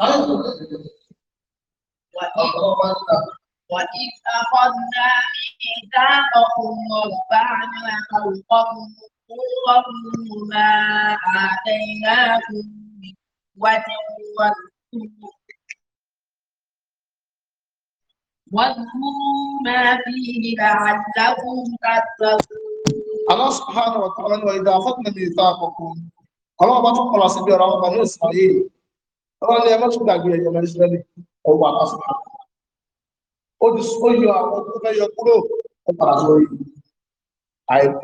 وإذ أخذنا ميثاقكم ورفعنا فوقكم الطور ما آتيناكم من قوة واذكروا ما فيه لعلكم تتقون الله سبحانه وتعالى وإذا أخذنا ميثاقكم الله بفقر سبيل رب بني إسرائيل ọlọ́run ni ẹ mọ́tún gbàgbé ẹ̀yọ́ ọmọ ìsirẹ́lì ọwọ́ àpáfà ó ti ó yọ àwọn tó fẹ́ yọ kúrò ó padà sórí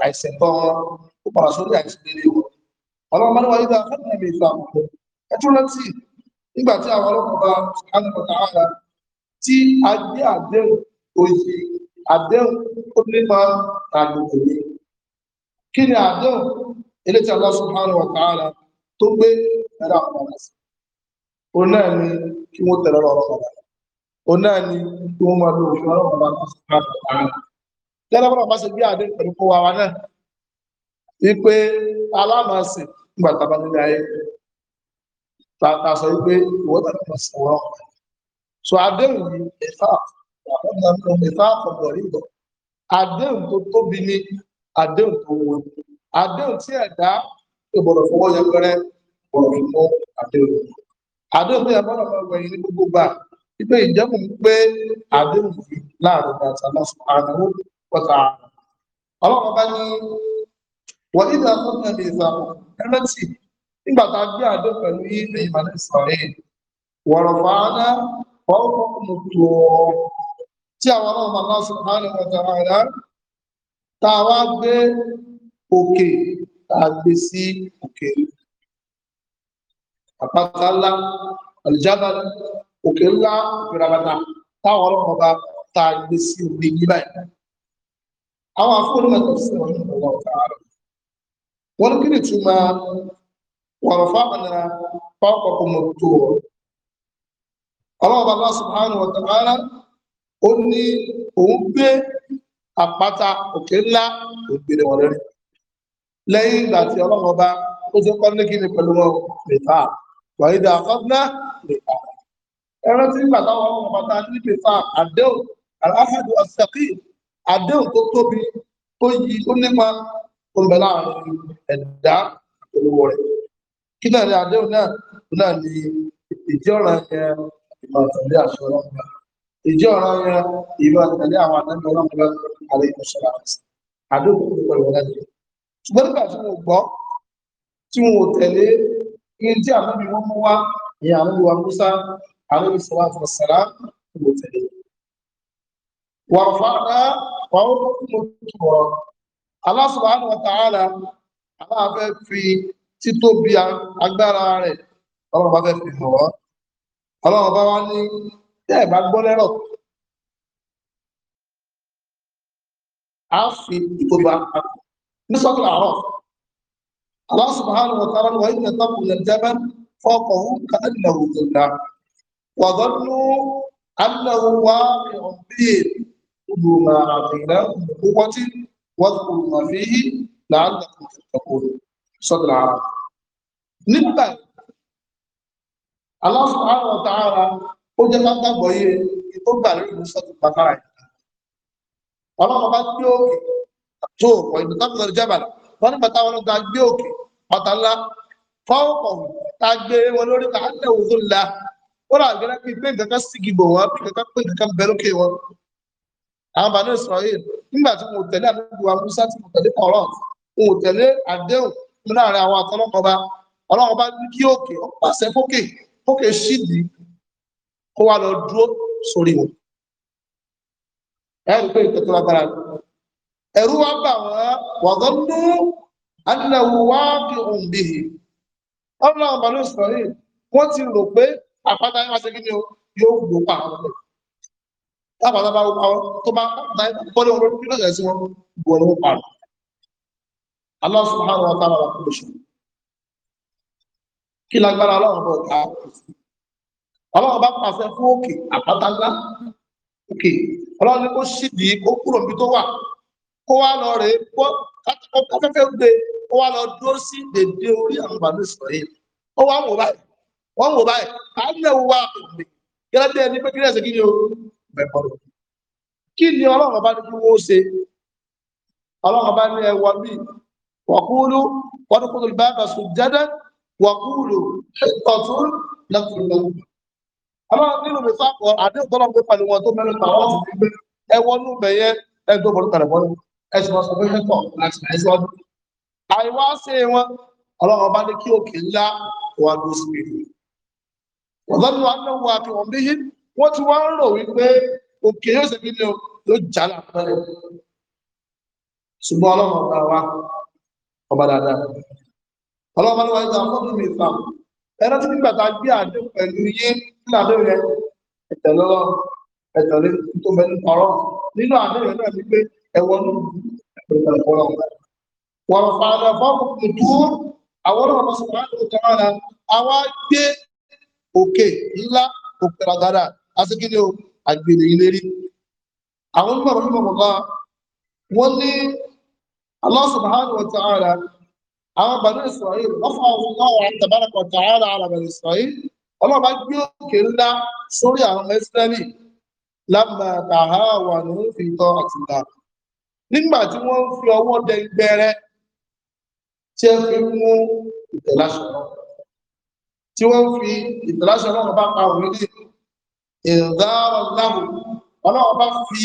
àìsẹ̀tọ́ wọn ó padà sórí àìsẹ̀lẹ̀ wọn ọlọ́run máa ń wáyé bá fún mi ìfà ẹ tún rántí nígbà tí àwọn ọlọ́pàá bá sàánù ọ̀tá ara tí a gbé àdéhùn oyè àdéhùn ó nípa àgbègbè mi kí ni àdéhùn eléyìí tí Allah subhanahu wa ta'ala tó gbé ẹ̀rọ àwọn òun náà ni kí wọ́n tẹ̀lé ọlọ́run bàbá òun náà ni kí wọ́n máa lo òfin ọlọ́run bàbá tó sì máa bàbá rẹ̀ tẹ́lẹ̀ bọ́lá bá ṣe bí àdé pẹ̀lú kó wa wa náà wípé alámàsìn nígbà tá a bá nílé ayé ta sọ wípé ìwọ́n tàbí máa sọ wọ́n so àdéhùn yìí ẹ̀fà ẹ̀fà ọ̀pọ̀ rí bọ̀ àdéhùn tó tóbi ni àdéhùn tó wọ àdéhùn tí ẹ̀dá ìbọ̀rọ̀ fọwọ́ yẹpẹrẹ ìbọ̀rọ̀ fọwọ́ àdéhùn yìí àdéhùn tó yẹ bọ́lọ̀ máa wẹ̀yìn ní gbogbo gbà wípé ìjẹ́mù ń pé àdéhùn fi láàrin bàtà lọ sùn àdéhù pọ̀tà ọlọ́run bá ní wọ́n nígbà tó ń tẹ̀lé ìsàmù ẹlẹ́tì nígbà tá a gbé àdéhùn pẹ̀lú yín ní ìmọ̀lẹ́ sọ̀rẹ́ wọ̀rọ̀ fàánà ọ̀rọ̀ mọ̀tò tí àwọn ọlọ́run bá lọ sùn àdéhùn pọ̀tà àdá tá a wá gbé òkè tá a gbé sí òkè àpáta ńlá àlìjábà òkè ńlá ìràbàtà táwọn ọlọ́run ọba tá a gbé sí omi yìí báyìí àwọn afúnilẹ̀tọ̀ sí wọn ní ọ̀wọ́ ọ̀tá rẹ̀ wọn kí ni túmọ̀ wọ̀rọ̀ fáwọn pápá ọmọ tó ọlọ́run ọba subhanahu wa ta'ala ó ní òun gbé àpáta òkè ńlá ògbèrè wọn lẹ́yìn ìgbà tí ọlọ́run ó ti kọ́ ní kí ni pẹ̀lú wọn mẹ́ta wàídà àkọ́gbá lèpa ẹran tí nígbà táwọn ọmọ bàtà níbi fa àdéhùn aláhàdù ọ̀sẹ̀kì àdéhùn tó tóbi tó yí ó nípa olùbẹ̀lá ẹ̀dá olówó rẹ̀ kí náà ni àdéhùn náà náà ni ìjẹ́ ọ̀ràn yẹn ìmọ̀ tẹ̀lé àṣọ ọlọ́mọba ìjẹ́ ọ̀ràn yẹn ìmọ̀ tẹ̀lé àwọn àdéhùn ọlọ́mọba àlẹ́ ìmọ̀ṣọ́lá àdéhùn tó pẹ̀lú ọ̀rẹ́ in tí àwọn ibi wọn mú wá ní àwọn olùwà musa àwọn olùsọwà àfọsàrà kò tẹ̀lé wọn fara wọn ó mú tọrọ Allah subhanahu wa ta'ala aláàfẹ fi títóbi agbára rẹ̀ Ọlọ́run bá fẹ́ fi hàn wá Ọlọ́run bá wá ní tẹ́ ẹ bá gbọ́ lẹrọ a fi ìtòba ní sọtò Allah subhanahu wa ta'ala wa inna tabu min al-jabal fawqahum ka'annahu dhillah wa dhannu annahu waqi'un bihim khudhu ma atainakum min quwwatin wadhkuru ma fihi la'allakum tattaqun sọ́dọ̀ ara nígbà Allah subhanahu wa ta'ala ó jẹ́ ká gbàgbọ́ yé tó gbà lórí ìlú sọ́dọ̀ bàbá rẹ̀ ọlọ́run bá gbé òkè tó ọ̀pọ̀ ìlú tábìlì jábàlá wọ́n ní bàtà wọn ga gbé òkè bàtà ńlá fọ́ọ̀kọ̀ ta gbé wọn lórí ta lẹ̀ wò tó la ó rà gẹ́gẹ́ bí pé nǹkan kan sigi bò wọ́n bí nǹkan pé nǹkan bẹ lókè wọn. àwọn bàbá Israel nígbà tí mo tẹ̀lé àdúgbò Musa tí mo tẹ̀lé kọ̀ọ̀rọ̀ mo tẹ̀lé àdéhùn mi láàrin àwọn àtọ́lọ́kọba ọlọ́run bá ní kí òkè ó pàṣẹ fókè fókè ṣídìí kó wá lọ dúró sórí wọn. ẹ ẹ̀rú wá bà wọ́n wọ̀gọ́nú anáwó wá kí òun bì í ọlọ́run bàlú sọ̀rí wọ́n ti rò pé àpáta yẹn wá sí kíni yóò gbó pa àwọn ọmọ tábàtà bá wọn tó bá bọ́lé wọn lórí kílọ̀ sí wọn gbọ́ ni wọ́n pa àwọn Allah subhanahu ọlọ́run bá pàṣẹ fún òkè àpáta òkè ọlọ́run ni kó ṣídìí kó kúrò níbi tó wà kó wá lọ rè é bọ́ káfẹ́fẹ́ gbé kó wá lọ dúró sí dèdè orí àwọn bàbá ìsọ̀rọ̀ yìí ó wá wò báyìí wọ́n wò báyìí à ń lẹ̀ wá òmì gẹ́gẹ́ bí ẹni pé kí ní ẹ̀sìn kí ni o bẹ̀rẹ̀ kí ni ọlọ́run bá ní kí wọ́n ṣe ọlọ́run bá ní ẹwà bí wàkúlù wọ́dúnkúlù bá bá sùn jẹ́dẹ́ wàkúlù ọ̀tún lẹ́kùnlẹ́kùn ọlọ́run nínú mi fáfọ́ àdéhùn tọ́lọ́run pẹ̀lú wọn tó mẹ́rin pàwọ́ ọ̀tún ẹwọ́nú bẹ̀yẹ ẹgbẹ́ bọ̀lú kàrẹ̀bọ́lù ẹsùn wọn sọ pé mẹ́kọ̀ láti ẹ̀sọ́dún àìwá sí wọn ọlọ́run bá ní kí òkè ńlá wà ló sí pẹ̀lú ọ̀dọ́dún wa náà wà kí wọ́n bí yí wọ́n ti wá ń rò wípé òkè yóò ṣe nílé yóò já lápẹ́rẹ́ ṣùgbọ́n ọlọ́run ọba wa ọba dáadáa ọlọ́run ọba wa ìgbà fọ́ọ̀mù mi fà ẹ̀rọ tí nígbà tá a gbé àdéhùn pẹ̀lú yé nígbà tó yẹ ẹ̀tẹ̀lọ́rọ̀ ẹ̀tẹ̀lẹ́ tó bẹ nínú àdéhùn náà ni pé ẹwọ́n wọ́n fàánà fọ́kùn ìdúró àwọn ọmọ sọ̀rọ̀ tọ́rọ àwá gbé òkè ńlá òpèràgàdà asíkílẹ̀ àgbèrè ìlérí àwọn mọ̀rọ̀ mọ̀mọ̀lá wọ́n ní Allah subhanahu wa ta'ala àwọn oh, Bani Isra'il lọ́fà ọlọ́wà tabaraka wa ta'ala ala Bani Isra'il ọlọ́ba gbé òkè ńlá sórí àwọn Isra'il lámà tàhà wà ní fi tọ́ àtìlá nígbà tí wọ́n ń fi ọwọ́ dẹgbẹrẹ tí ẹ fi mú ìtẹ̀láṣọ̀nà tí wọ́n fi ìtẹ̀láṣọ̀nà bá pa òun ní ìdáàrọ̀ láàrù ọlọ́wọ́ bá fi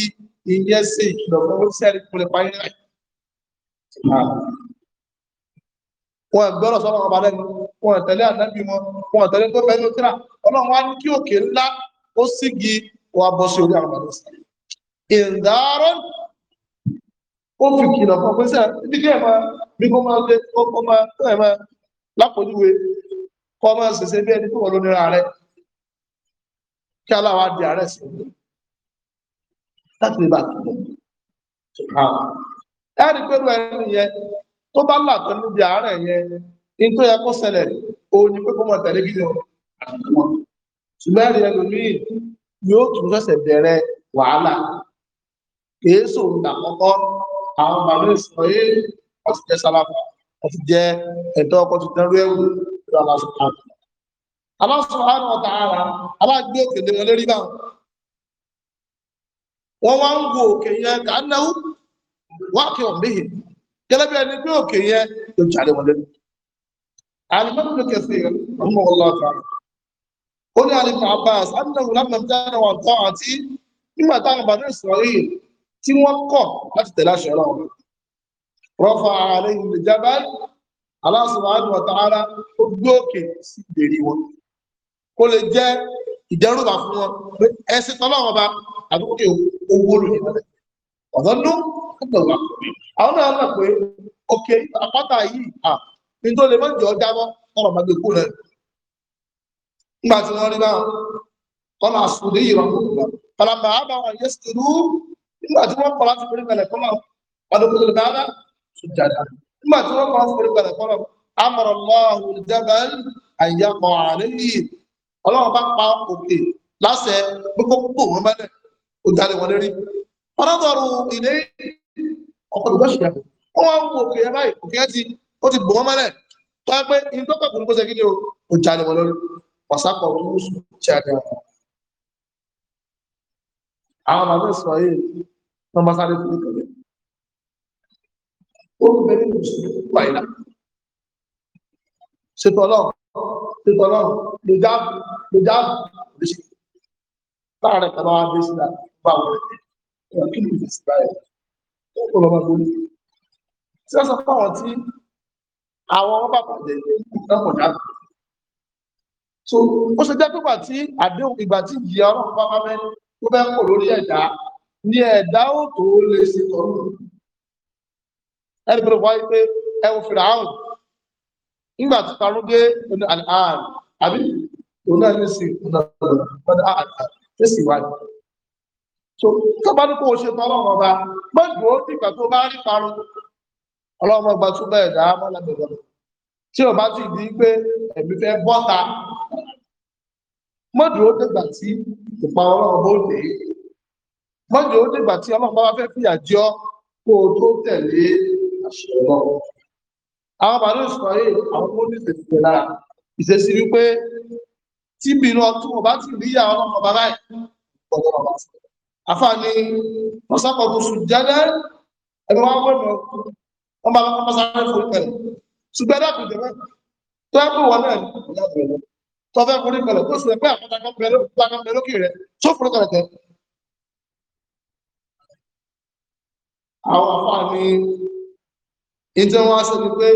ìyẹn sí ìkìlọ̀ fún owó sí ẹ̀rí kúnlẹ̀ parí láì wọn gbọ́rọ̀ sọ́rọ̀ ọba lẹ́nu wọn tẹ̀lé ànábì wọn wọn tẹ̀lé tó bẹ́ẹ̀ ló tíra ọlọ́run wá ní kí òkè ńlá ó sígi wà bọ́ sí orí àwọn ọmọdé sí ìdáàrọ̀ ó fi kìlọ̀ fún ọpẹ́ sẹ́ẹ̀ ibi kí ẹ̀ máa bí kó máa lé kó máa tó ẹ̀ máa lápòjúwe kó máa ṣẹ̀ṣẹ̀ bí ẹni tó wọ́n lónìí ààrẹ kí aláwa di ààrẹ sí i láti lè bá a kìlọ̀ ẹ̀rí pé ẹni yẹn tó bá làtọ́ níbi ààrẹ yẹn ní tó yẹ kó ṣẹlẹ̀ òun ni pé kó máa tẹ̀lé kí wọn ṣùgbọ́n ẹ̀rí ẹlòmíì yóò tún ṣẹ̀ṣẹ̀ bẹ̀rẹ̀ wàhálà kèé sòun dàkọ́kọ́ àwọn bàbá ìsọ̀rọ̀ yé wọ́n ti jẹ́ sálábà wọ́n ti jẹ́ ẹ̀tọ́ ọkọ̀ ti dẹrú ẹ̀wù lórí aláṣọ aláṣọ̀hánà ọ̀tà ara aláàgbé òkè lè wọn lérí báwọn wọ́n wá ń wo òkè yẹn kà ń náwó wá kí wọ́n léyìn gẹ́lẹ́ bí ẹni pé òkè yẹn ló jáde wọn lérí alimọ́tò ló kẹsì ọmọ ọlọ́ọ̀tà ó ní alimọ́ Abbas tí wọ́n kọ̀ láti tẹ̀lé àṣẹ ọlọ́run rọ́fà ààrẹ ìlẹ̀jábá Allah subhanahu wa ta'ala ó gbé òkè sí ìdèrí wọn kó lè jẹ́ ìdẹ́rùbà fún wọn pé ẹsẹ̀ tọ́lọ́wọ́n bá àdúgbò owó lò nílẹ̀ ọ̀dọ́ ló ọ̀dọ̀gbà àwọn náà mọ̀ pé òkè àpáta yìí à ní tó lè mọ́ jọ ọ̀rọ̀ bá kú rẹ̀ nígbà wọ́n rí náà kọ́nà àsùnlé yìí rọ̀ kọ́nà bàbá àwọn yẹ́sùn nígbà tí wọ́n kọ́lá fún orípẹ̀lẹ̀ kọ́lá ọdún kára sùjàdá nígbà tí wọ́n kọ́lá fún orípẹ̀lẹ̀ kọ́lá amọ̀rọ̀ lọ́hùn jẹ́bẹ̀ẹ́n àyàpọ̀ àlẹ́yìí ọlọ́run bá pa òkè láṣẹ gbogbo gbogbo wọn mẹ́lẹ̀ ó darí wọn lérí ọlọ́dọ̀rù ilé ọkọ̀ ìgbọ́sẹ̀ wọn wá ń wo òkè yẹn báyìí òkè yẹn ti ó ti bò wọn mẹ́lẹ̀ tó yẹ pé ìtọ́kọ̀ kò àwọn màmí sọ yìí wọn bá sáré fún ìkànnì ó ń bẹ nínú ìṣòro tó wà ìlà ṣètò Ọlọ́run ṣètò Ọlọ́run lè jáàbù lè jáàbù lè ṣe láàrin kan bá wá dé sílá bá wọn ẹ̀yà kí ló ń fi sílá ẹ̀ ó kọ̀ lọ́mọ gbóni tí wọ́n sọ fún so ó ṣe jẹ́ pé ìgbà tí àdéhùn ìgbà tí ìyá ọlọ́run bá bá fẹ́ tó fẹ́ kọ̀ lórí ẹ̀dá ní ẹ̀dá ò tó lè ṣe tọ́lù ẹni pẹ̀lú wáyé pé ẹwọ fìrà áhùn nígbà tó parún gé ní àlàn àbí tó sí ọ̀nà so tó bá ní kó o ṣe tọ́lọ́ ọba gbọ́dọ̀ ó dìgbà tó bá rí parun ọlọ́mọ ọgbà tó bẹ̀rẹ̀ dá mọ́lábẹ̀rẹ̀ tí o bá ti di pé ẹ̀mí fẹ́ bọ́ta mọ́dùn ó dìgbà tí ìpa ọlọ́mọ mọ́jọ́ ó dìgbà tí ọlọ́run bá wá fẹ́ fìyà jẹ ọ́ kó o tó tẹ̀lé àṣẹ ọlọ́run àwọn bàdó ìsọ̀rọ̀ àwọn tó ní ìṣèṣì lára ìṣèṣì wípé tí bìnrin ọtún ọba ti rí àwọn ọmọ bàbá ẹ̀ gbọdọ̀ bàbá sọ àfààní ọ̀sàkọ̀ọ̀kù sùjádẹ́ ẹ̀rọ wa wẹ̀mọ̀ wọn bá wọn bá sáré fún ìpẹ̀lẹ̀ ṣùgbọ́n ẹ̀dá kò jẹ́wẹ́ tó ẹ̀ bù wọn náà tọ́fẹ́ fún ìpẹ̀lẹ̀ tó sì rẹ̀ pé àkọ́ta kan bẹ̀rẹ̀ lókè rẹ̀ tó fún ìpẹ̀lẹ̀ tẹ̀ àwọn afá ní ìtí wọ́n ṣe ni pé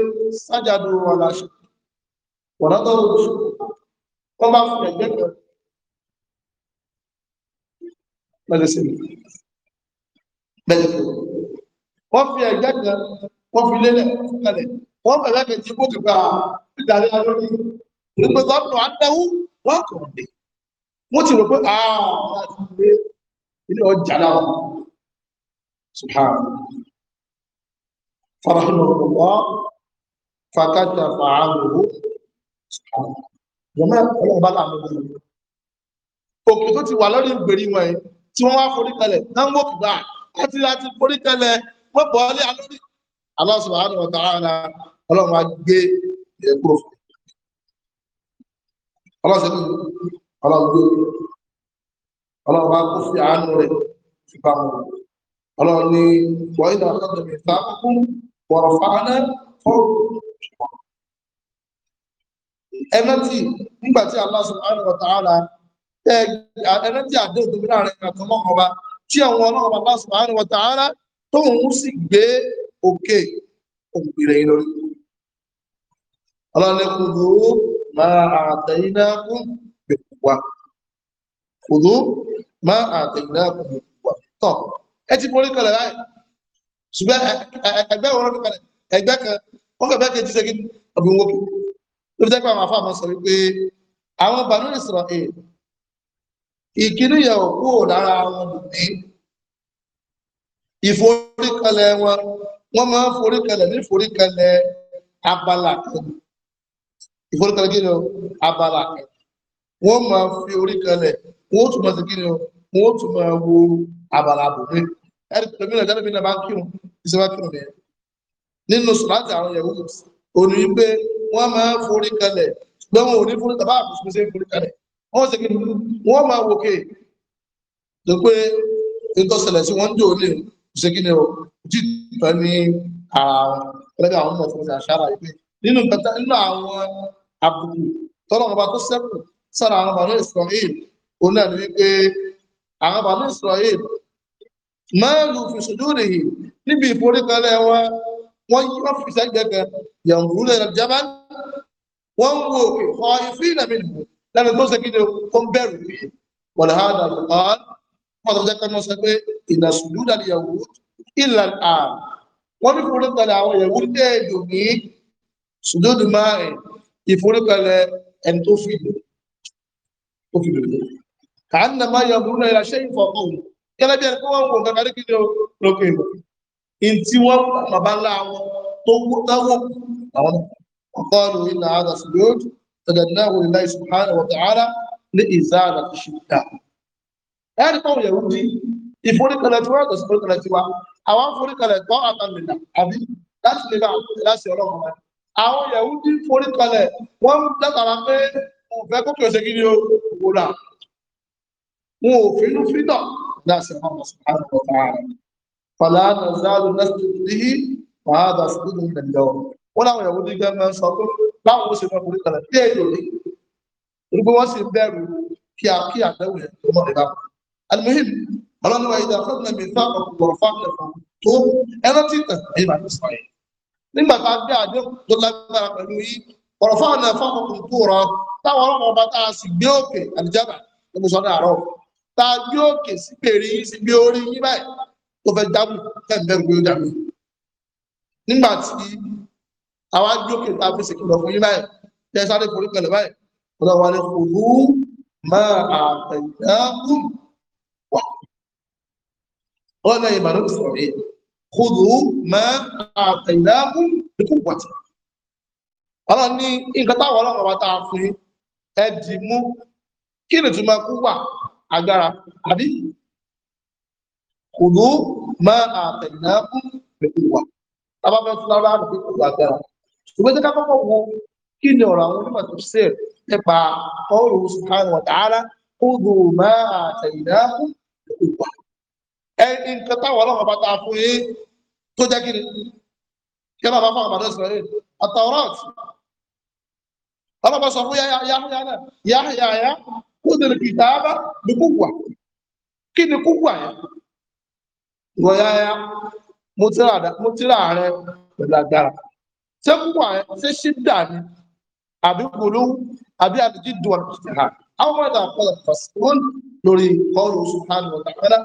sájàdù wọn láṣẹ wọ̀dọ́tọ̀ oṣù wọ́n bá fi ẹgbẹ́ kan lọ́dẹ̀ sí bẹ́ẹ̀ wọ́n fi ẹgbẹ́ kan wọ́n fi lélẹ̀ kalẹ̀ wọ́n bẹ̀rẹ̀ kẹjì kó kẹgbà ìdarí alórí nígbà tó ń lọ adáwó wọ́n kọ̀ ọ̀dẹ̀ wọ́n ti rò pé àà ilé ọjà náà سبحانه فرحمه الله فكتف عنه سبحانه jọmọ Ọlọ́run bá láàmú wọn òkè tó ti wà lórí ìgbèrí wọn yìí tí wọn wá forí kalẹ̀ náà ń wò kí bá láti láti forí kalẹ̀ wọn bọ ọlẹ alórí Allah subhanahu wa ta'ala Ọlọ́run wa gbé ẹ kúrò fún Ọlọ́run gbé Ọlọ́run wa kó fi àánú rẹ̀ fi bá wọn ọlọ́run ni wọ́n ìdá ọ̀tọ̀ mi sákún wọ̀rọ̀ fáánà fọ́ọ̀rù ẹ̀mẹ́tì nígbà tí Allah subhanahu wa ta'ala ẹ̀mẹ́tì àdéhùn tó bí láàrin ìrìnàjò ọlọ́run ọba tí àwọn ọlọ́run ọba Allah subhanahu wa ta'ala tó ń sì gbé òkè òkùnrin yìí lórí ọlọ́run ni kùdù máa àtẹ̀yìnákùn bẹ̀rù wa kùdù máa àtẹ̀yìnákùn bẹ̀rù wa tọ̀ ẹ ti forí kalẹ̀ láì ṣùgbọ́n ẹgbẹ́ wọn rọ́ọ̀dún kalẹ̀ ẹgbẹ́ kan wọ́n kàn bẹ́ẹ̀ kejì ṣe kí ọ̀bùn wọ́pẹ́ ló fi jẹ́ pé àwọn afọ àmọ́ sọ wípé àwọn Banu Israel ìkíní yẹn ò kúrò lára wọn nìyí ìforíkalẹ̀ wọn wọ́n máa ń foríkalẹ̀ ní ìforíkalẹ̀ abala kan ìforíkalẹ̀ kí ni o abala kan wọ́n máa fi oríkalẹ̀ wọ́n tún máa ṣe kí ni o wọ́n tún máa wo abala àbòmí ẹni tó mílẹ̀ tẹ́lẹ̀ mílẹ̀ bá ń kírun iṣẹ́ bá kírun nìyẹn nínú sùláàtì àwọn yahoo òní pé wọ́n máa ń forí kalẹ̀ ṣùgbọ́n wọn ò ní forí tàbá àbùsùn sí forí kalẹ̀ wọ́n sì kí wọ́n máa wòkè tó pé ìtọ́sẹ̀lẹ̀ sí wọ́n jò lè ṣe ni o jí tán ní ara wọn pẹ̀lú àwọn ọmọ ìfọwọ́sẹ̀ àṣàrà ìpín nínú kẹta nínú àwọn àbùkù tọ́lọ́ ọba tó sẹ́kù sára àwọn ọmọ Israel òun náà ní wípé àwọn ọmọ Israel máàlù fìṣòdúrì yìí níbi ìforíkalẹ̀ wọn wọ́n yí ọ́fíìsì ẹgbẹ̀gbẹ̀ yàǹgùrú lẹ́nu jábá wọ́n ń wo ìkọ́ ìfí ìlàmì nù lẹ́nu tó ṣe kíni tó ń bẹ̀rù rí wọ́n ha dà lù ọ́ wọ́n tó jẹ́ ká mọ́ sọ pé ìlà sùdú dàdí yàwó ìlà à wọ́n ní ìforíkalẹ̀ àwọn yàwó ní èdò ní sùdú dì máa ẹ̀ ìforíkalẹ̀ ẹni tó fi dò tó fi dò kà á nà má yàǹgùrú lẹ́nu gẹ́gẹ́ bí ẹni pé wọ́n ń wo nǹkan kan ní kíni lókè ìlú in tí wọ́n bàbá ńlá wọn tó wọ́ àwọn ọgọ́rùn ilà àdà sùdúrùd tẹ̀lẹ̀dáwò ilà ìsùnkára wọ̀tà ara ní ìzára ti ṣùgbà ẹni tó yẹ̀wù di ìforíkalẹ̀ tí wọ́n yàtọ̀ sí ìforíkalẹ̀ tiwa àwọn ìforíkalẹ̀ tó àtàmìlà àbí láti lè bá àwọn yẹ̀wù ناصر الله سبحانه وتعالى فلا نزال نسجد به وهذا سجود من اليوم wọ́n láwọn ìyàwó dígẹ́ máa ń sọ pé báwọn ó ṣe máa borí kalẹ̀ bí èyí ò ní gbogbo wọn sì bẹ̀rù kí a kí àdéhùn yẹn tó mọ̀lẹ́ báwọn. alimuhim ọlọ́niwa ìdá fẹ́mi mi fẹ́ ọ̀pọ̀lọpọ̀ fáwọn ẹ̀fọ́ tó ẹ̀rọ tí tẹ̀ ẹ̀yìn bá ti sọ yẹn. nígbà tá a gbé àdéhùn tó lágbára pẹ̀lú yìí ọ̀rọ̀ fáwọn ẹ̀fọ́ tó rọ táwọn ọlọ́mọba tá a sì gbé òkè àlìjábà ló ta gbé òkè sí bèrè yín sí gbé orí yín báyìí tó fẹ́ jábù tẹ̀m̀bẹ̀rù gbé ọjà mi nígbà tí àwa gbé òkè tá a fi ṣèkìlọ̀ fún yín báyìí tẹ sáré forí pẹ̀lẹ́ báyìí ọ̀dọ̀ wa ni kò rú máa àtẹ̀yìnàkùn wà ọ̀nà ìbànú ti sọ̀rọ̀ yìí kò rú máa àtẹ̀yìnàkùn ikú wọ̀tí ọlọ́run ní nǹkan táwọn ọlọ́run wa tá fún yín ẹ dì mú kí nìtúmọ̀ kú wà agbára àbí kùdú máa àtẹ̀náàbù pẹ̀lú wà tábà fẹ́ fún lára àbí pẹ̀lú agbára ṣùgbọ́n tí ká kọ́kọ́ wo kí ni ọ̀rọ̀ àwọn onímọ̀ tó ṣe nípa ọrùn subhanahu wa ta'ala kùdú máa àtẹ̀náàbù pẹ̀lú wà ẹ nǹkan táwọn ọlọ́run bá ta fún yín tó jẹ́ kí kí bá fún àbàdàn sọ̀rọ̀ yìí àtàwọn ọlọ́pàá sọ fún yáyà yáyà yáyà kúndùn kìtàbà bí kúwà kí ni kúwà yẹn wọ̀nyáyá mo tíra rẹ pẹ̀lú agbára ṣé kúwà yẹn ṣé ṣídà ni àbí kúlú àbí àdìjí dùn ìṣẹ̀hà àwọn ọmọ ìdá àpẹẹrẹ fàṣíwọ́n lórí ọrùn oṣù tánù ọ̀tà pẹ́lá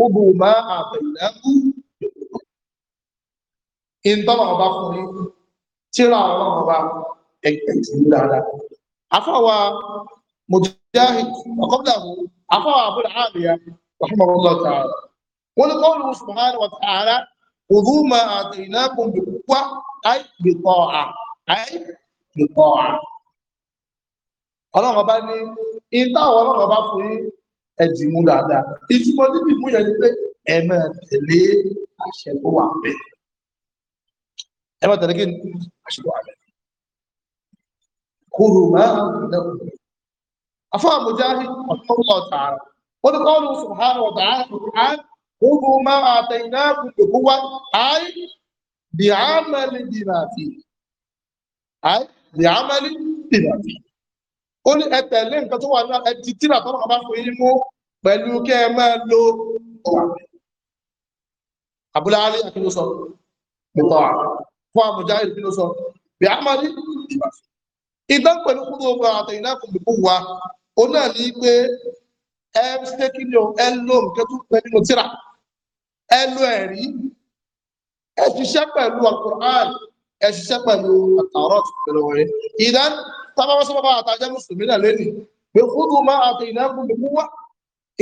ó bu máa àbẹ̀lẹ́kú ìntọ́nà ọba fún mi tíra ọlọ́run ọba ẹ̀kẹ́ ìṣẹ̀lú dáadáa afọwà مجاهد وقبله عطاء أبو العالية رحمه الله تعالى ولقوله سبحانه وتعالى خذوا ما آتيناكم بقوة أي بطاعة أي بطاعة ọlọ́run ọba ní ìta àwọn ọlọ́run ọba fún yín ẹ̀dìmú dáadáa ìtumọ̀ níbi ìmú yẹn pé ẹ tẹ̀lé àṣẹ tó wà bẹ́ẹ̀ ẹ tẹ̀lé kí ni àṣẹ tó wà bẹ́ẹ̀ kúrò máa ń lẹ́kùn أفهم مجاهد رحمه الله تعالى ولقوله سبحانه وتعالى في القرآن خذوا ما آتيناكم بقوة أي بعمل بما فيه أي بعمل بما فيه ó ní ẹ tẹ̀lé nǹkan tó wà ní ẹtì tíra tó máa bá fún yín mú lo Abul Ali akínú sọ pẹ̀tọ́ fún Mujahid ìpínlẹ̀ sọ bí a máa ní ìdán pẹ̀lú kúrò ọgbà àtẹ̀yìnlá kò ó náà ní pé ẹ ṣe kí ni o ẹ lo nǹkan tó pẹ nínú tíra ẹ lo ẹ̀rí ẹ ṣiṣẹ́ pẹ̀lú alukur'an ẹ ṣiṣẹ́ pẹ̀lú àtàwọn ọ̀tún wọ̀nyí ìdá tábà wọ́n sábà bá àtàjẹ́ mùsùlùmí náà lẹ́nu pé kúndùn máa àti ìnáwó gbogbo wá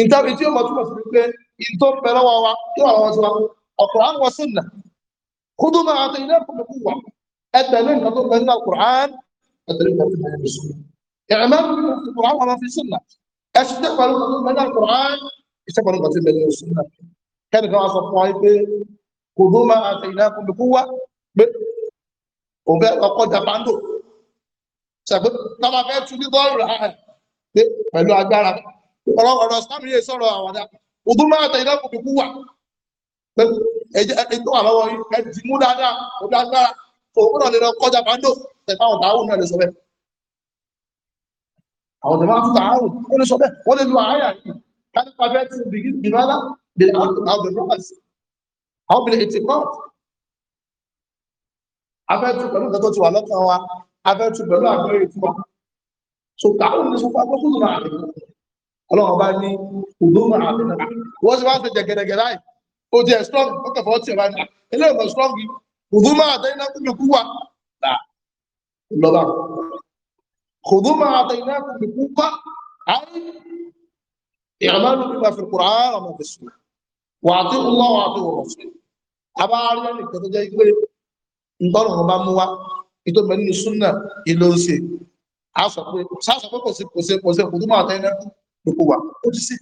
ìtàbí tí ó mọ̀ túmọ̀ sí pé ìtò ń bẹ lọ́wọ́ wa kí wà wọ́n ti wá alukur'an wa sunna kúndùn máa àti ìnáwó gbogbo wá ẹ tẹ̀lé nǹkan tó bẹ nínú alukur'an ẹ tẹ̀lé nǹkan tó bẹ nínú sunna. اعمال في القران وما في السنه استقبل من القران استقبل ما في السنه كان كما صفوا اي خذوا ما اتيناكم بقوه òbẹ ọkọ jàpándò ṣàgbé tọ́mà fẹ́ tún ní bọ́ọ̀lù rà á pé pẹ̀lú agbára ọ̀rọ̀ ọ̀rọ̀ sáàmì yìí sọ̀rọ̀ àwàdà ọdún máa tẹ̀yìn náà kò fi kú wà pé ẹjẹ ẹjọ wà lọ́wọ́ yìí ẹ dì mú dáadáa kò agbára kò gbọ́dọ̀ lè lọ kọjá jàpándò tẹ̀fáwọn táwọn náà lè sọ bẹ́ẹ̀ àwọn jẹ̀mọ́ àtúntà àrùn ó lè sọ bẹ́ẹ̀ wọ́n lè lo àáyà yìí kánípa bẹ́ẹ̀ ti bìgí bìmọ́lá bí àwọn rọ́ọ̀s àwọn bìnrin ètè kọ́ afẹ́tù pẹ̀lú nǹkan tó ti wà lọ́kàn wa afẹ́tù pẹ̀lú àgbẹ̀rẹ̀ fún wa so tààrùn ní sọpá tó kúrò máa rẹ̀ ọlọ́run bá ní ògbó máa rẹ̀ náà wọ́n sì wá خذوا ما اعطيناكم بقوه اي اعملوا بما في القران وما في السنه واعطوا الله واعطوا الرسول ابا ارجع لك تجي يقول ọba mú wa ètò ìbẹ̀rẹ̀ ní súnà ìlò ń ṣe àṣọ pé sáṣọ pé kò sí kò sí kò sí kò tó máa tẹ́ iná lóko wà ó ti sí.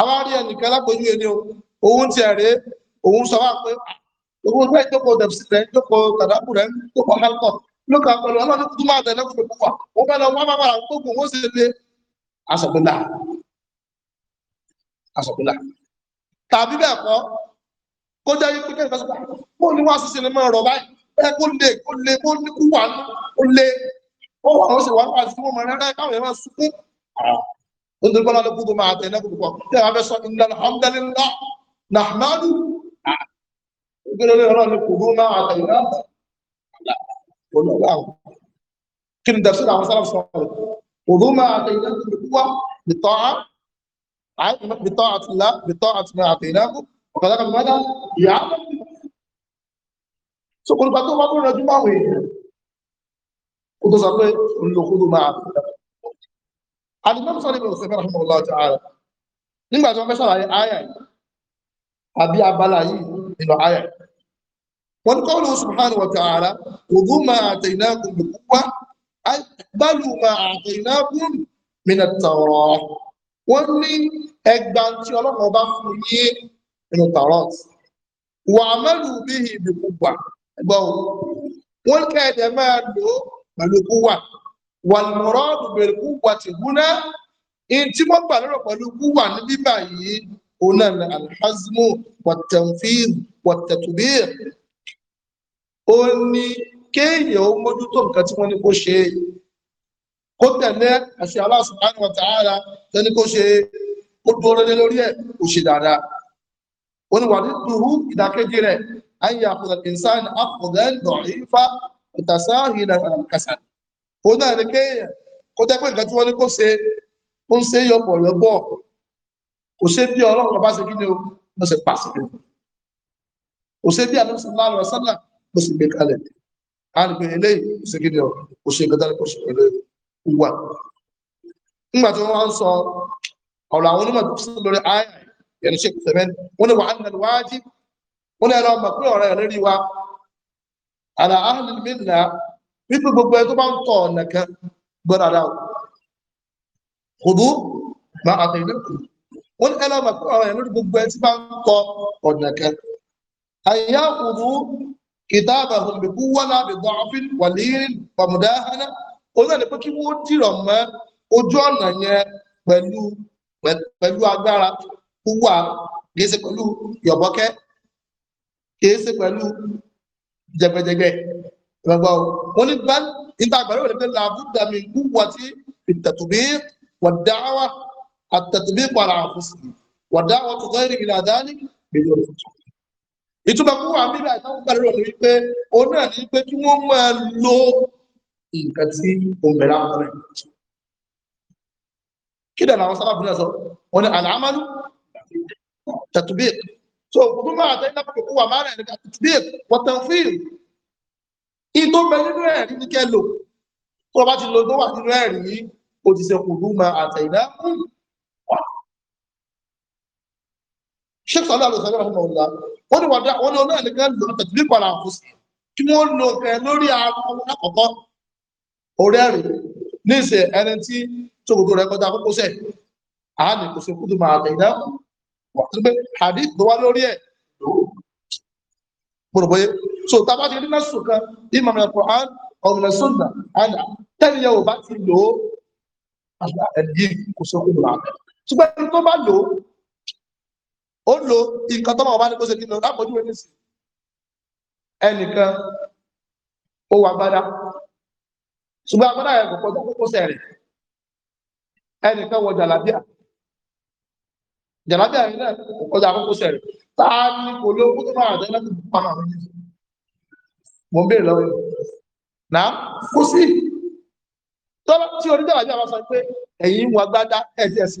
àwa rí ẹnìkan lápòjú ẹni o òun ti ẹ̀rẹ́ òun sọ wá pé owó ẹgbẹ́ ìjókòó dẹ̀bùsí lókà pẹ̀lú ọlọ́run tó máa tẹ̀lé kò lókùwà ó bẹ́ẹ̀ lọ wọ́n máa máa gbógun ó sì lé asọ̀gbọ́lá asọ̀gbọ́lá tàbí bẹ́ẹ̀ kọ́ kó jẹ́ ikú kẹ́kẹ́ sọ́gbà mo ní wá sísè ní mọ́ ọ̀rọ̀ báyìí bẹ́ẹ̀ kó lè kó lè kó ní kú wà ó lè ó wà ó sì wà á ti wọ́n mọ̀ rárá káwọn èèyàn máa sunkún nítorí bọ́lá ló kúndùn máa tẹ̀lé kò lókùwà tí àwọn afẹ́ sọ ìlànà alhamdulillah nahmadu ah. gbẹdọ̀lẹ́ ọlọ́run kò dún máa tẹ̀lé náà òun ọ̀gá àwọn kí ni dẹ̀sùn àwọn sálàfù sọ rẹ̀ òun máa tẹ iná tó kú wá bìtọ́ bìtọ́ àtìlá bìtọ́ àtìlá àtìlá ọ̀gá kan mọ́dá ìyá so kò nípa tó bá tó rẹjú máa wèé kò tó sọ pé olùkúrú máa àtìlá àdìmọ́ sọ́lé ìbẹ̀rẹ̀ sẹ́fẹ́ rahmanu allah ta'ala nígbà tí wọ́n fẹ́ sàlàyé àyà àbí abala yìí nínú àyà yìí wọ́n ní qawluhu subhanahu wa ta'ala khudhu ma atainakum bi quwwa balu ma atainakum min at-Tawrah wọ́n ní ẹgbà tí ọlọ́run ọba fún yí nínú tarot wà mẹ́lù bí ibi púpà ẹgbọ́n wọ́n kẹ́ẹ̀dẹ̀ máa lò pẹ̀lú púpà wà lọ́rọ̀ bẹ̀rẹ̀ púpà ti gúnná in tí wọ́n gbà lọ́rọ̀ pẹ̀lú púpà ní bíbà yìí òun alhazmu wat-tanfidh ó ní kéèyàn ó mójútó nǹkan tí wọ́n ní kó ṣe kó tẹ̀lé àṣẹ Allah subhanahu wa ta'ala tẹ́ni kó ṣe ó dúró lé lórí ẹ̀ kò ṣe dáadáa ó ní wàdí tuhu ìdákejì rẹ̀ ayé àkùnrin ìsáni àkùnrin ẹ̀dọ̀ ìfà ìtàsáhìlẹ̀ àkàsà ó náà ní kéèyàn kó tẹ́ pé nǹkan tí wọ́n ní kó ṣe ó ń ṣe yọpọ̀ yọpọ̀ kò ṣe bí ọlọ́run bá ṣe kí ni ó ṣe pàṣẹ kò ṣe bí àlọ́ bó sì gbé kalẹ̀ a rí pé eléyìí kò sí kíni ọ kò ṣe nǹkan tó ṣe pẹ̀lú wà nígbà tí wọ́n ń sọ ọ̀rọ̀ àwọn onímọ̀ tó sí lórí àyà yẹn ṣe kò tẹ̀mẹ́ wọ́n ní wàá nílẹ̀ wájú wọ́n ní ẹ̀rọ ọmọ pé ọ̀rọ̀ ẹ̀ lórí wa àlà áhùn mi nà wípé gbogbo ẹ tó bá ń tọ̀ ọ̀nà kan gbọ́dọ̀ àdá kùdú ma àtẹ̀lé kùdú wọ́n ní ẹ̀rọ ọmọ ọ̀rọ̀ ẹ̀ lórí gbogbo ẹ tí bá ń tọ̀ ọ̀nà kan àyà kùdú ìdáàbàbò ìbíkú wọ́lá àbíkọ́ ọ̀fìn wàlíìn pàmùdáhánà òun náà ni pé kí wọ́n dìrọ̀ mọ́ ojú ọ̀nà yẹn pẹ̀lú pẹ̀lú agbára púpà kìí ṣe pẹ̀lú yọ̀bọ́kẹ́ kìí ṣe pẹ̀lú jẹgbẹjẹgbẹ ìgbàgbọ́ wọn ní gbá níta àgbàdo rẹ̀ pé làbúdà mi púpà tí ìtẹ̀tùbí wàdáwà àtẹ̀tùbí pàrà àfúsì wàdáwà tó gẹ́rì ìlàdání bèèrè ọ̀rọ̀ tuntun ìtumọ̀ kó wà níbi àìsàn gbà lérò ní wípé òun náà ní pé kí wọ́n máa lo nǹkan tí òun bẹ̀rẹ̀ àwọn ọmọ kí dànù àwọn sábà bìnrin sọ wọn ni àlàámánú tàtúbí so òkú máa tẹ́ iná kòkó wà máa rẹ̀ ní tàtúbí wọ́tàn fíìl ìtò bẹ nínú ẹ̀rí ní kẹ́ lò tó o bá ti lo tó wà nínú ẹ̀rí o ti àtẹ̀yìnà sheikh salah alayhi wa rahma allah wọ́n ní wàdá wọ́n ní ọ̀nà ẹ̀nìkan lò ní tẹ̀tìlí padà fún sí kí wọ́n lo nǹkan lórí àwọn akọ̀kọ́ orẹ́rìn ní ìsẹ̀ ẹni tí tòkòtò rẹ̀ kọjá kókó sẹ̀ á ní kò sí kúndùmọ̀ àtẹ̀yìnà wà tó gbé hadith tó wá lórí ẹ̀ gbọ́dọ̀ bóyé so tábà ti rí náà sùn kan ìmọ̀ mi ọ̀pọ̀ án ọ̀nà sùnà àná tẹ́lẹ̀ yẹn ò bá ti lò ó ẹ̀dí kò sí kúndùmọ̀ àtẹ̀yìnà ṣùgbọ́n tó bá lò ó ó lo nǹkan tọ́mọ̀ ọba ní kó ṣe kí lọ lápòjú rẹ̀ nìsí ẹnìkan ó wà gbádá ṣùgbọ́n agbádá rẹ̀ kọ̀kọ́ tó kókó sẹ̀ rẹ̀ ẹnìkan wọ jàlábíà jàlábíà rẹ̀ náà kọjá rẹ̀ tá a ní kò ló kó tó máa rẹ̀ láti bú pàmò àwọn yìí mo ń béèrè lọ́wọ́ yìí náà kó sí tọ́lá tí oníjàlábíà bá sọ pé ẹ̀yin wà gbádá ẹ̀jẹ̀ sí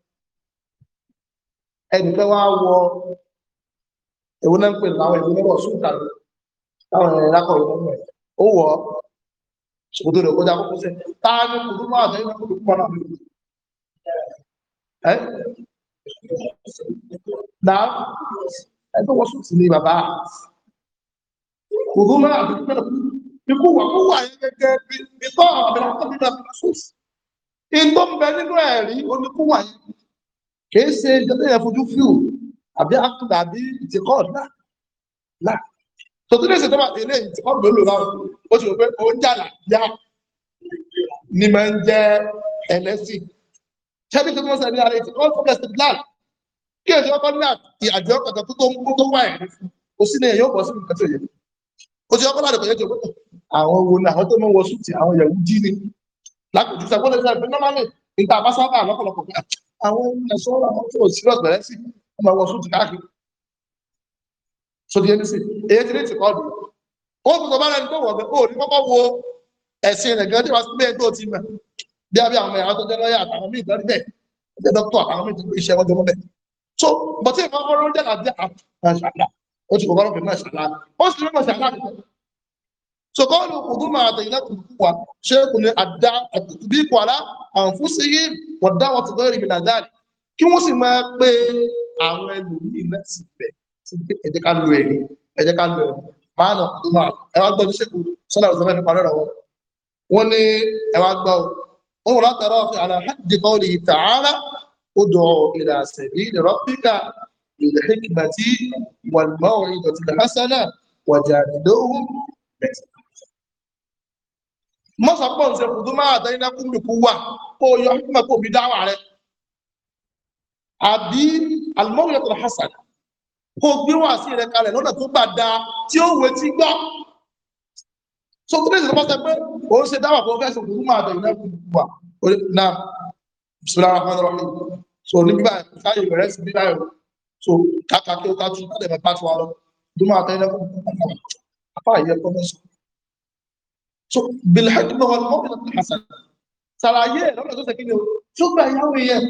ẹnìkan wá wọ èwo náà ń pè láwọn ìwé náà sùn tàbí láwọn ẹ̀rẹ́ lákọ̀wé náà mọ̀ ó wọ̀ ọ́ ṣòkòtò rẹ̀ kọjá kókó sẹ́ tá a ní kùdú máa tẹ́ ìwé kùdú pọ̀ náà ẹ́ náà ẹ̀ tó wọ́n sùn sí ní bàbá kùdú máa àti kùdú náà ikú wà kó wà yẹn gẹ́gẹ́ bí tọ́ àwọn abẹ́rẹ́ wọn tó bí náà fi sùn sí. ìtọ́ ń bẹ nínú ẹ̀rí oníkú wà yẹn kìí ṣe ìjọba yẹn fojú fíù àbí àkùdà àbí ìtìkọ́ ọ̀dà là tòtún lè ṣe tó bá ilé ìtìkọ́ ọ̀dà lò láwọn ó sì rò pé ó ń jà láyà ni máa ń jẹ ẹlẹ́sìn ṣẹ́bí tó mọ́ sẹ́ni ara ìtìkọ́ ọ̀dà ṣe blá kí èsì ọkọ ní àjọ kàkà tó tó wà ẹ̀ kò sí ni èyí ó bọ̀ sí nǹkan tó yẹ ó sì ọkọ láti kọjá jẹ pé àwọn wo ni àwọn tó mọ wọ àwọn ilẹ̀ àwọn tó serious bẹ̀rẹ̀ sí ọmọ ẹwọ sóòtù káàkiri sóòtù yẹn sí èyí ti ní ti kọ́ọ̀dù ó tó bá rẹni tó wọ̀ bẹ́ẹ̀ ó kọ́kọ́ wo ẹ̀sìn rẹ̀ gẹ́gẹ́ tí wọ́n gbé tó ti mọ̀ bí abẹ́ àwọn ẹ̀yà tó jẹ́ lọ́yà àtàwọn míì tó rí bẹ́ẹ̀ ẹgbẹ́ dókítà àtàwọn míì tó gbé iṣẹ́ wọn jọmọ́ bẹ́ẹ̀ so bọ́tí ìmọ̀ ọ̀rọ̀ jẹ́ àti àṣàlá ó ti kọ̀ọ̀rọ̀ pẹ̀lú àṣàlá ó sì lọ́mọ̀ àṣàlá so kọ́ọ̀lù kùdùmọ̀ àtẹ̀yìnlẹ́kùn wà ṣé kùnú àdá àtẹ̀tùbí kwara àǹfùsí yìí wọ́n dá wọn ti lọ́rí ìbìlà dáàrí kí wọ́n sì máa pé àwọn ẹlòmíì náà sì bẹ̀ sí pé ẹ jẹ́ ká lo ẹ̀rí ẹ jẹ́ ká lo ẹ̀rí máa nà ọdún máa sọ́nà ìṣẹ́fẹ́ nípa rẹ̀ wọn. wọ́n ní ẹ wá gbọ́ wọn wọ́n látara ọ̀fẹ́ aláhàdì kọ́ọ̀lì ta'ala ó dọ̀ ìlà àṣẹ̀bí rabbika bil hikmati wal maw'izati al hasana wajadilhum bẹ̀tẹ̀ mọ́sà pọ̀ ń ṣe fùdú máa àtẹ́yìnlá kúmbi kú wà kó yọ ọkùnmọ̀ kó bí dáwà rẹ̀ àbí alimọ́wìyà tó hasan kó gbé wà sí rẹ̀ kalẹ̀ lọ́nà tó gbà dáa tí ó wé tí gbọ́ so tó bẹ́ẹ̀ sọ́pọ́sẹ̀ pé ó ń ṣe dáwà kó fẹ́ ṣe fùdú máa àtẹ́yìnlá kúmbi kú wà na bismillah rahman rahim so ní bíbá káyọ̀ rẹ̀ sí bíbá yọ̀ so kàkà kí ó ká tún tálẹ̀ mẹ́ta tún wa lọ fùdú máa àtẹ́yìnlá kúmbi kú wà so bilhikma wal maw'izatil hasana sàlàyé ẹ̀ lọ́dọ̀ tó ṣe kí ni o tó gbà yàwó yẹn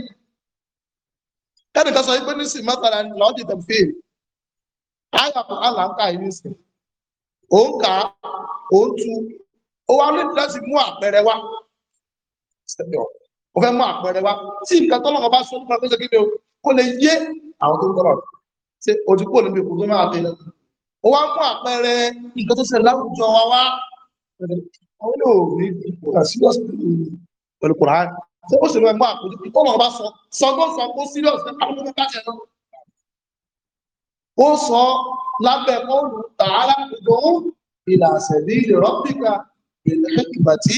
kẹ́nìkan sọ pé ní sì mọ́tàlá ni lọ́ọ́dì tẹ̀ fèè àyà kò hàn láǹkà yìí nìsín òun kà á òun tu ó wá lè láti mú àpẹẹrẹ wá ó fẹ́ mú àpẹẹrẹ wá tí nǹkan tọ́lọ́kọ̀ bá sọ nípa tó ṣe kí ni o kó lè yé àwọn tó ń tọrọ ṣe òtún kúrò níbi ìkùn tó máa tẹ̀lé ó wá mú àpẹẹrẹ nǹkan tó ṣe láwùjọ wa wá ọ̀nà òní kà serious pẹ̀lú Quran ṣé ó sì máa gbọ́ àkójọ kí ó máa bá sọ sọ tó sọ kó serious nípa ló mú káṣẹ lọ. ó sọ lábẹ́ kóòlù tààlà gbogbo ìlà àṣẹ̀bí ìrọ́pìkà ìlẹ́kìbàtì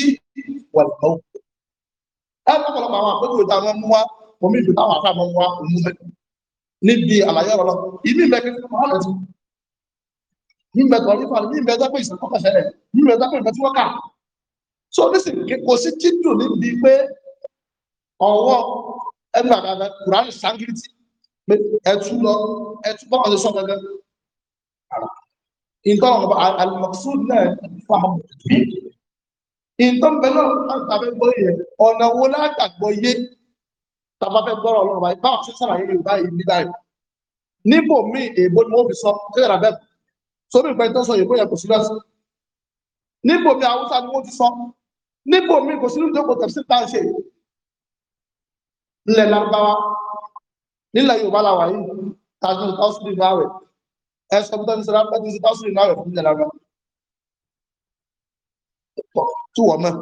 wàlúwàwù. ẹ lọ́pọ̀lọpọ̀ àwọn àpéjọ ìta wọn mú wa omi ìdùnnú àwọn afá wọn mú wa òun fẹ́ níbi àlàyé ọ̀rọ̀ nígbà tó rí fàánù nígbà tó pé ìsìnkú kọsẹ̀ rẹ̀ nígbà tó pé ìgbà tí wọ́n kà so nísìnyí kò sí títù níbi pé ọwọ́ ẹgbẹ́ àgbàgbà kùránì sangiriti ẹtú lọ ẹtú bọ́ọ̀ ọ̀sẹ̀ sọ́ọ̀ gẹ́gẹ́ nǹkan ọ̀gbà àlùmọ̀sù náà fún àwọn òbí nǹkan bẹ́ẹ̀ náà àgbàfẹ́ gbọ́ yẹ ọ̀nà wo látàgbọ́ yé tàbáfẹ́ gbọ́rọ̀ ọlọ́run báyìí báwọn ṣe sàlàyé yorùbá yìí ní báyìí níbo mi èèbó ni wọ́n fi sọ kéèrà bẹ́ẹ̀ sórí ìpẹ́ tó sọ ìbò yẹn kò sí lẹ́sùn níbo mi haúsá ni wọ́n ti sọ níbo mi kò sí ní ìjókòó tẹ̀sí tá a ṣe nílẹ̀ lárúbáwá nílẹ̀ yorùbá làwà yìí tàbí tàbí láwẹ̀ ẹ sọ pé tàbí tàbí tàbí láwẹ̀ fún nílẹ̀ lárúbáwá tí wọ́n mọ̀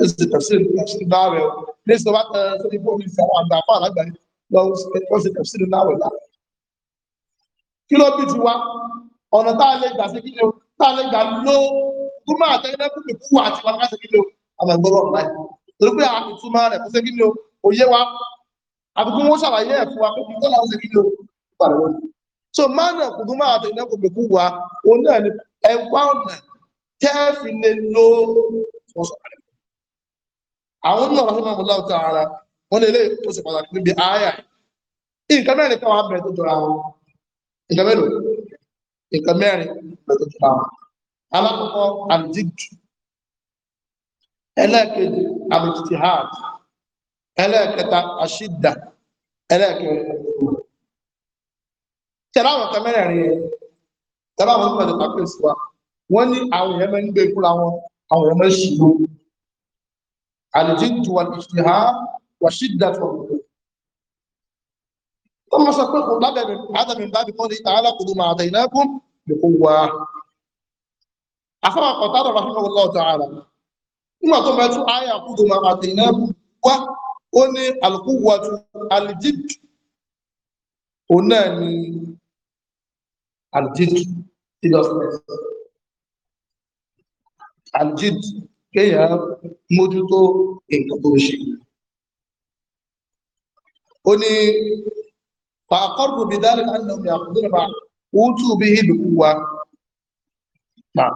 ẹ sì tẹ̀sí tàbí láwẹ̀ ní sọ bá tẹ̀ sọ ìbò mi fún àwọn àgbà fún àlágbà yìí lọ́wọ́ sí tẹ̀sí láwẹ̀ lá kí ló bí ti ọ̀nà tá a lè gbà sí kí ni tá a lè gbà ló gúnmọ́ àtẹ́gbẹ́ kúkú kú àti wàhálà sí kí ni o àmàgbọ́rọ̀ ọ̀la yìí torí pé ìtumọ̀ rẹ̀ fún sí kí ni òye wa àbùkún wọn ṣàlàyé ẹ̀ fún wa pé kúkú làwọn sí kí ni pàdé wọn. so mánà gúnmọ́ àtẹ́gbẹ́ kúkú kú wa òun náà ni ẹ wá ọ̀nà kẹ́ẹ̀fì lè lo àwọn náà rà fún ọmọ ọlọ́run tó ara wọn lè lè tó ṣe pàtàkì níbi ààyà nǹkan mẹ́rin káwọn abẹ́rẹ́ tó jọra wọn nǹkan mẹ́rin nǹkan mẹ́rin pẹ̀lú ìtura wọn alákọ̀ọ́kọ́ àdìjù ẹlẹ́ẹ̀kejì àmìtìtìhàd ẹlẹ́ẹ̀kẹta àṣìdà ẹlẹ́ẹ̀kẹrin tẹ̀lé àwọn nǹkan mẹ́rin yẹn tẹ̀lé àwọn nǹkan mẹ́rin pàpẹ́ sí wa wọ́n ní àwọn èèyàn máa ń gbé fúnra wọn àwọn èèyàn máa ń ṣìlò àdìjù wà ìṣìhà wà ṣìdà tọ́lọ́ sọ pé kò lábẹ́ àdàmì bábí kọ́ ní ta'ala khudhu ma atainakum bi quwwa afọ́wà Qatada rahimahullah ta'ala nígbà tó bá tún àyà khudhu ma atainakum wá ó ní al-quwwatu al-jidd òun náà ní al-jidd seriousness al-jidd kéèyàn mójútó nǹkan tó ń ṣe ó ní فأقروا بذلك أنهم يأخذون ما أوتوا به بقوة نعم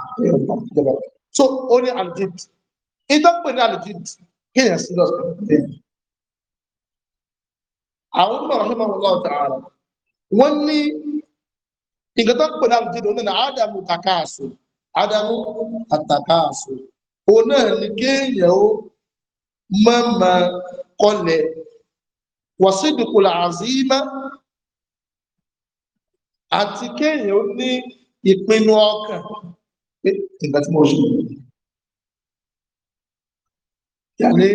so only aljid idan pẹ̀lú aljid kéèyàn serious pẹ̀lú àwọn ọmọ ọ̀hún ọmọ ọlọ́wọ́ tààrà wọ́n ní nǹkan tó pẹ̀lú aljid òun náà ádámù takáàsù ádámù àtàkáàsù òun náà ní kéèyàn ó mọ̀ọ́mọ̀ kọlẹ̀ wọ́sídìkùlà àzímá àti kéèyàn ó ní ìpinnu ọkàn pé ìgbà tí mo ṣe yàní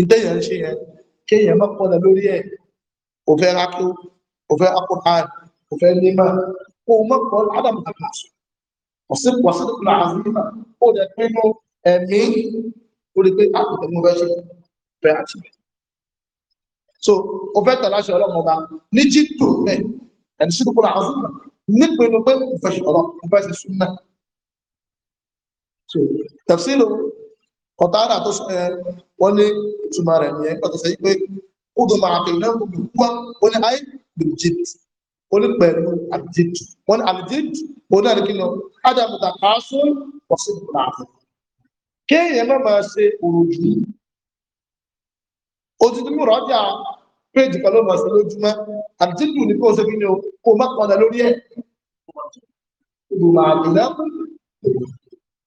ìdẹ́yàn ṣe yẹn kéèyàn má pọ́nà lórí ẹ̀ kò fẹ́ rákí kò fẹ́ akópa kò fẹ́ nímọ̀ kó o má pọ́n ádámù tàbí sùn ọ̀sìn pọ̀ sí ìpínlẹ̀ àzìmọ̀ ó dẹ̀ pinnu ẹ̀mí ó rí pé àkùtẹ̀ ah, mo fẹ́ ṣe fẹ́ àti bẹ̀. so o fẹ́ tọ̀ láṣẹ ọlọ́mọba ní jíìpù bẹ́ẹ̀ ẹni sí gbogbo àwọn súnmọ́ nípinnu pé mo fẹ́ ṣọ̀rọ̀ mo fẹ́ ṣe súnmọ́ so tafsiru Qatada tó sọ yẹn wọ́n ní ìtumọ̀ rẹ̀ nìyẹn pàtó sẹ́yìn pé ó dùn máa fi ìlànà gbogbo wá ó ní ayé bìjìt ó ní pẹ̀lú àdìjìt wọ́n ní àdìjìt ó náà ní kí ni ádámù tàkà sún wọ́n sì bùrà kéèyàn má máa ṣe òròjú òtítù mú rọ́jà péjì kan ló mọ̀ sí lójúmọ́ àdìdù ní kó ṣe kí ni o kó má padà lórí ẹ̀ ìbùmàmìlá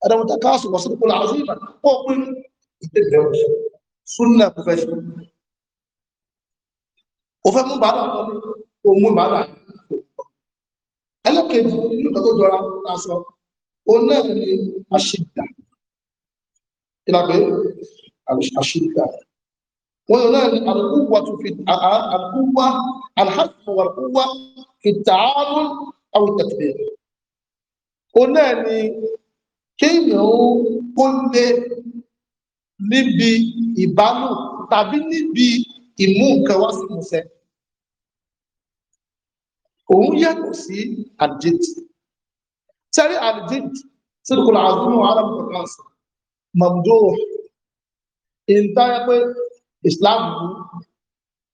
adamata káàsù wọ́n sọ́dọ̀ kólà àzú ìbà pọ̀ pé ìdẹ́bẹ̀ súnà pẹ̀fẹ́ṣọ́ o fẹ́ mú bàbá o mú bàbá ẹlẹ́kẹ̀ẹ́jì nígbà tó jọra aṣọ o náà ni aṣídà ìlàgbé aṣídà wọ́n yóò náà ní àlùkúwà alhassan wàlúwà fi tààrùn àwọn tẹ̀tẹ̀lẹ̀ o náà ni kéèyàn ó kó lé níbi ìbálò tàbí níbi ìmú nǹkan wá sí musẹ òun yàtọ̀ sí àdìjìtì sẹ́rí àdìjìtì sílùkùlà àdúgbò arábùkù kan sí mọ̀mdó ìntayẹ pé islam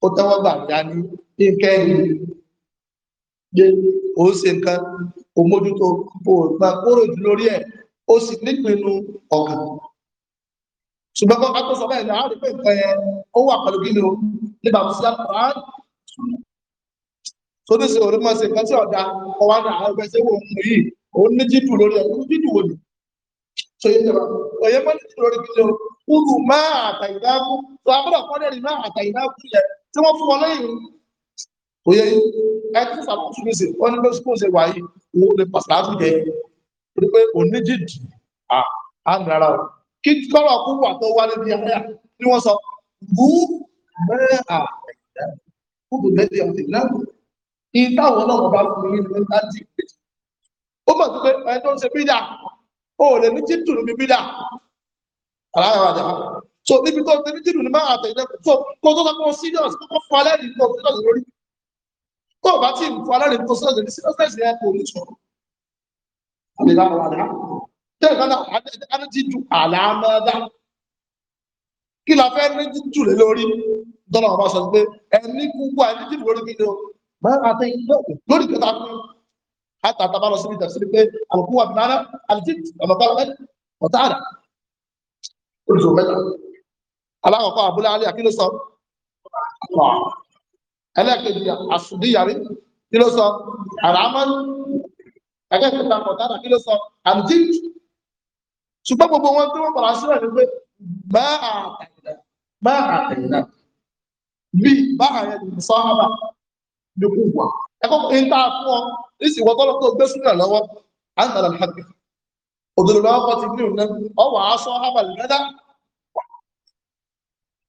ó tẹ́wọ́ gbà dá ní nǹkan ẹ̀yìn gbé ó ṣe nǹkan ó mójútó ó gbà kúrò jù lórí ẹ̀ ó sì nípinnu ọ̀gá ṣùgbọ́n kọ́kọ́ tó sọ bẹ́ẹ̀ ni àárín pé nǹkan yẹn ó wà pẹ̀lú kí ni o nígbà tó sí àpá tó ní sọ orí mọ́ sí nǹkan tí ọ̀dà ọwọ́ àgbẹ̀ ṣé wò ó yìí òun ní jídù lórí ẹ̀ ní jídù wò ni sai da ba to yamma ne lórí bi lo udu ma atainaku to abara ko de ma atainaku ye tí wọ́n fún wole yin ó yẹ e ti sa ko sumi se wọ́n be school se wa yi wo le pasa bi de ri pé onijidi ah anrara o kí koro ku wa tó wà le bi ni wọ́n sọ gu ma atainaku udu ma atainaku ìtàwọn náà wọn bá fún yín ní láti ìgbésí ó mọ̀ sí pé ẹni tó ń ṣe bídà ó lè ní títù níbi bídà aláàbàdà so níbi tó ti ní títù ní máa àtẹ̀jẹ́ so kó tó sọ́kọ́ serious kó kó fún alẹ́rìí tó serious lórí tó bá tí ì fún alẹ́rìí tó serious lórí seriousness yẹn kò ní sọ̀rọ̀ aláàbàdà tẹ́lẹ̀ kan náà adé ti ju àlàámọ́dá kí la fẹ́ ní títù lé lórí dọ́là ọba sọ pé ẹni kúkú àìní títù lórí kí ni o máa àtẹ̀jẹ́ lórí kẹta fún حتى اعتبره سبيل تفسير ايه القوه بمعنى الجد كما قال الله وتعالى كل زوجات alákọ̀ọ́kọ́ àbúlé alẹ́ kí ló sọ ẹlẹ́kejì àṣùdíyàrí kí ló sọ àràmán ẹgbẹ́kẹta mọ̀tánà kí ló sọ àmìtí ṣùgbọ́n gbogbo wọn tí wọ́n pàrà sí rẹ̀ ní pé máa àtẹ̀yìnà bí bá àyẹ̀ ìsọ́ àbá ní kúwà ẹkọ́ nísì wọ́n tọ́lọ́ tó gbé súnà lọ́wọ́ àǹtàlà hàbí òdòdó lọ́wọ́ kọ́ ti nílùú náà ọwọ́ aṣọ hábàlì mẹ́ta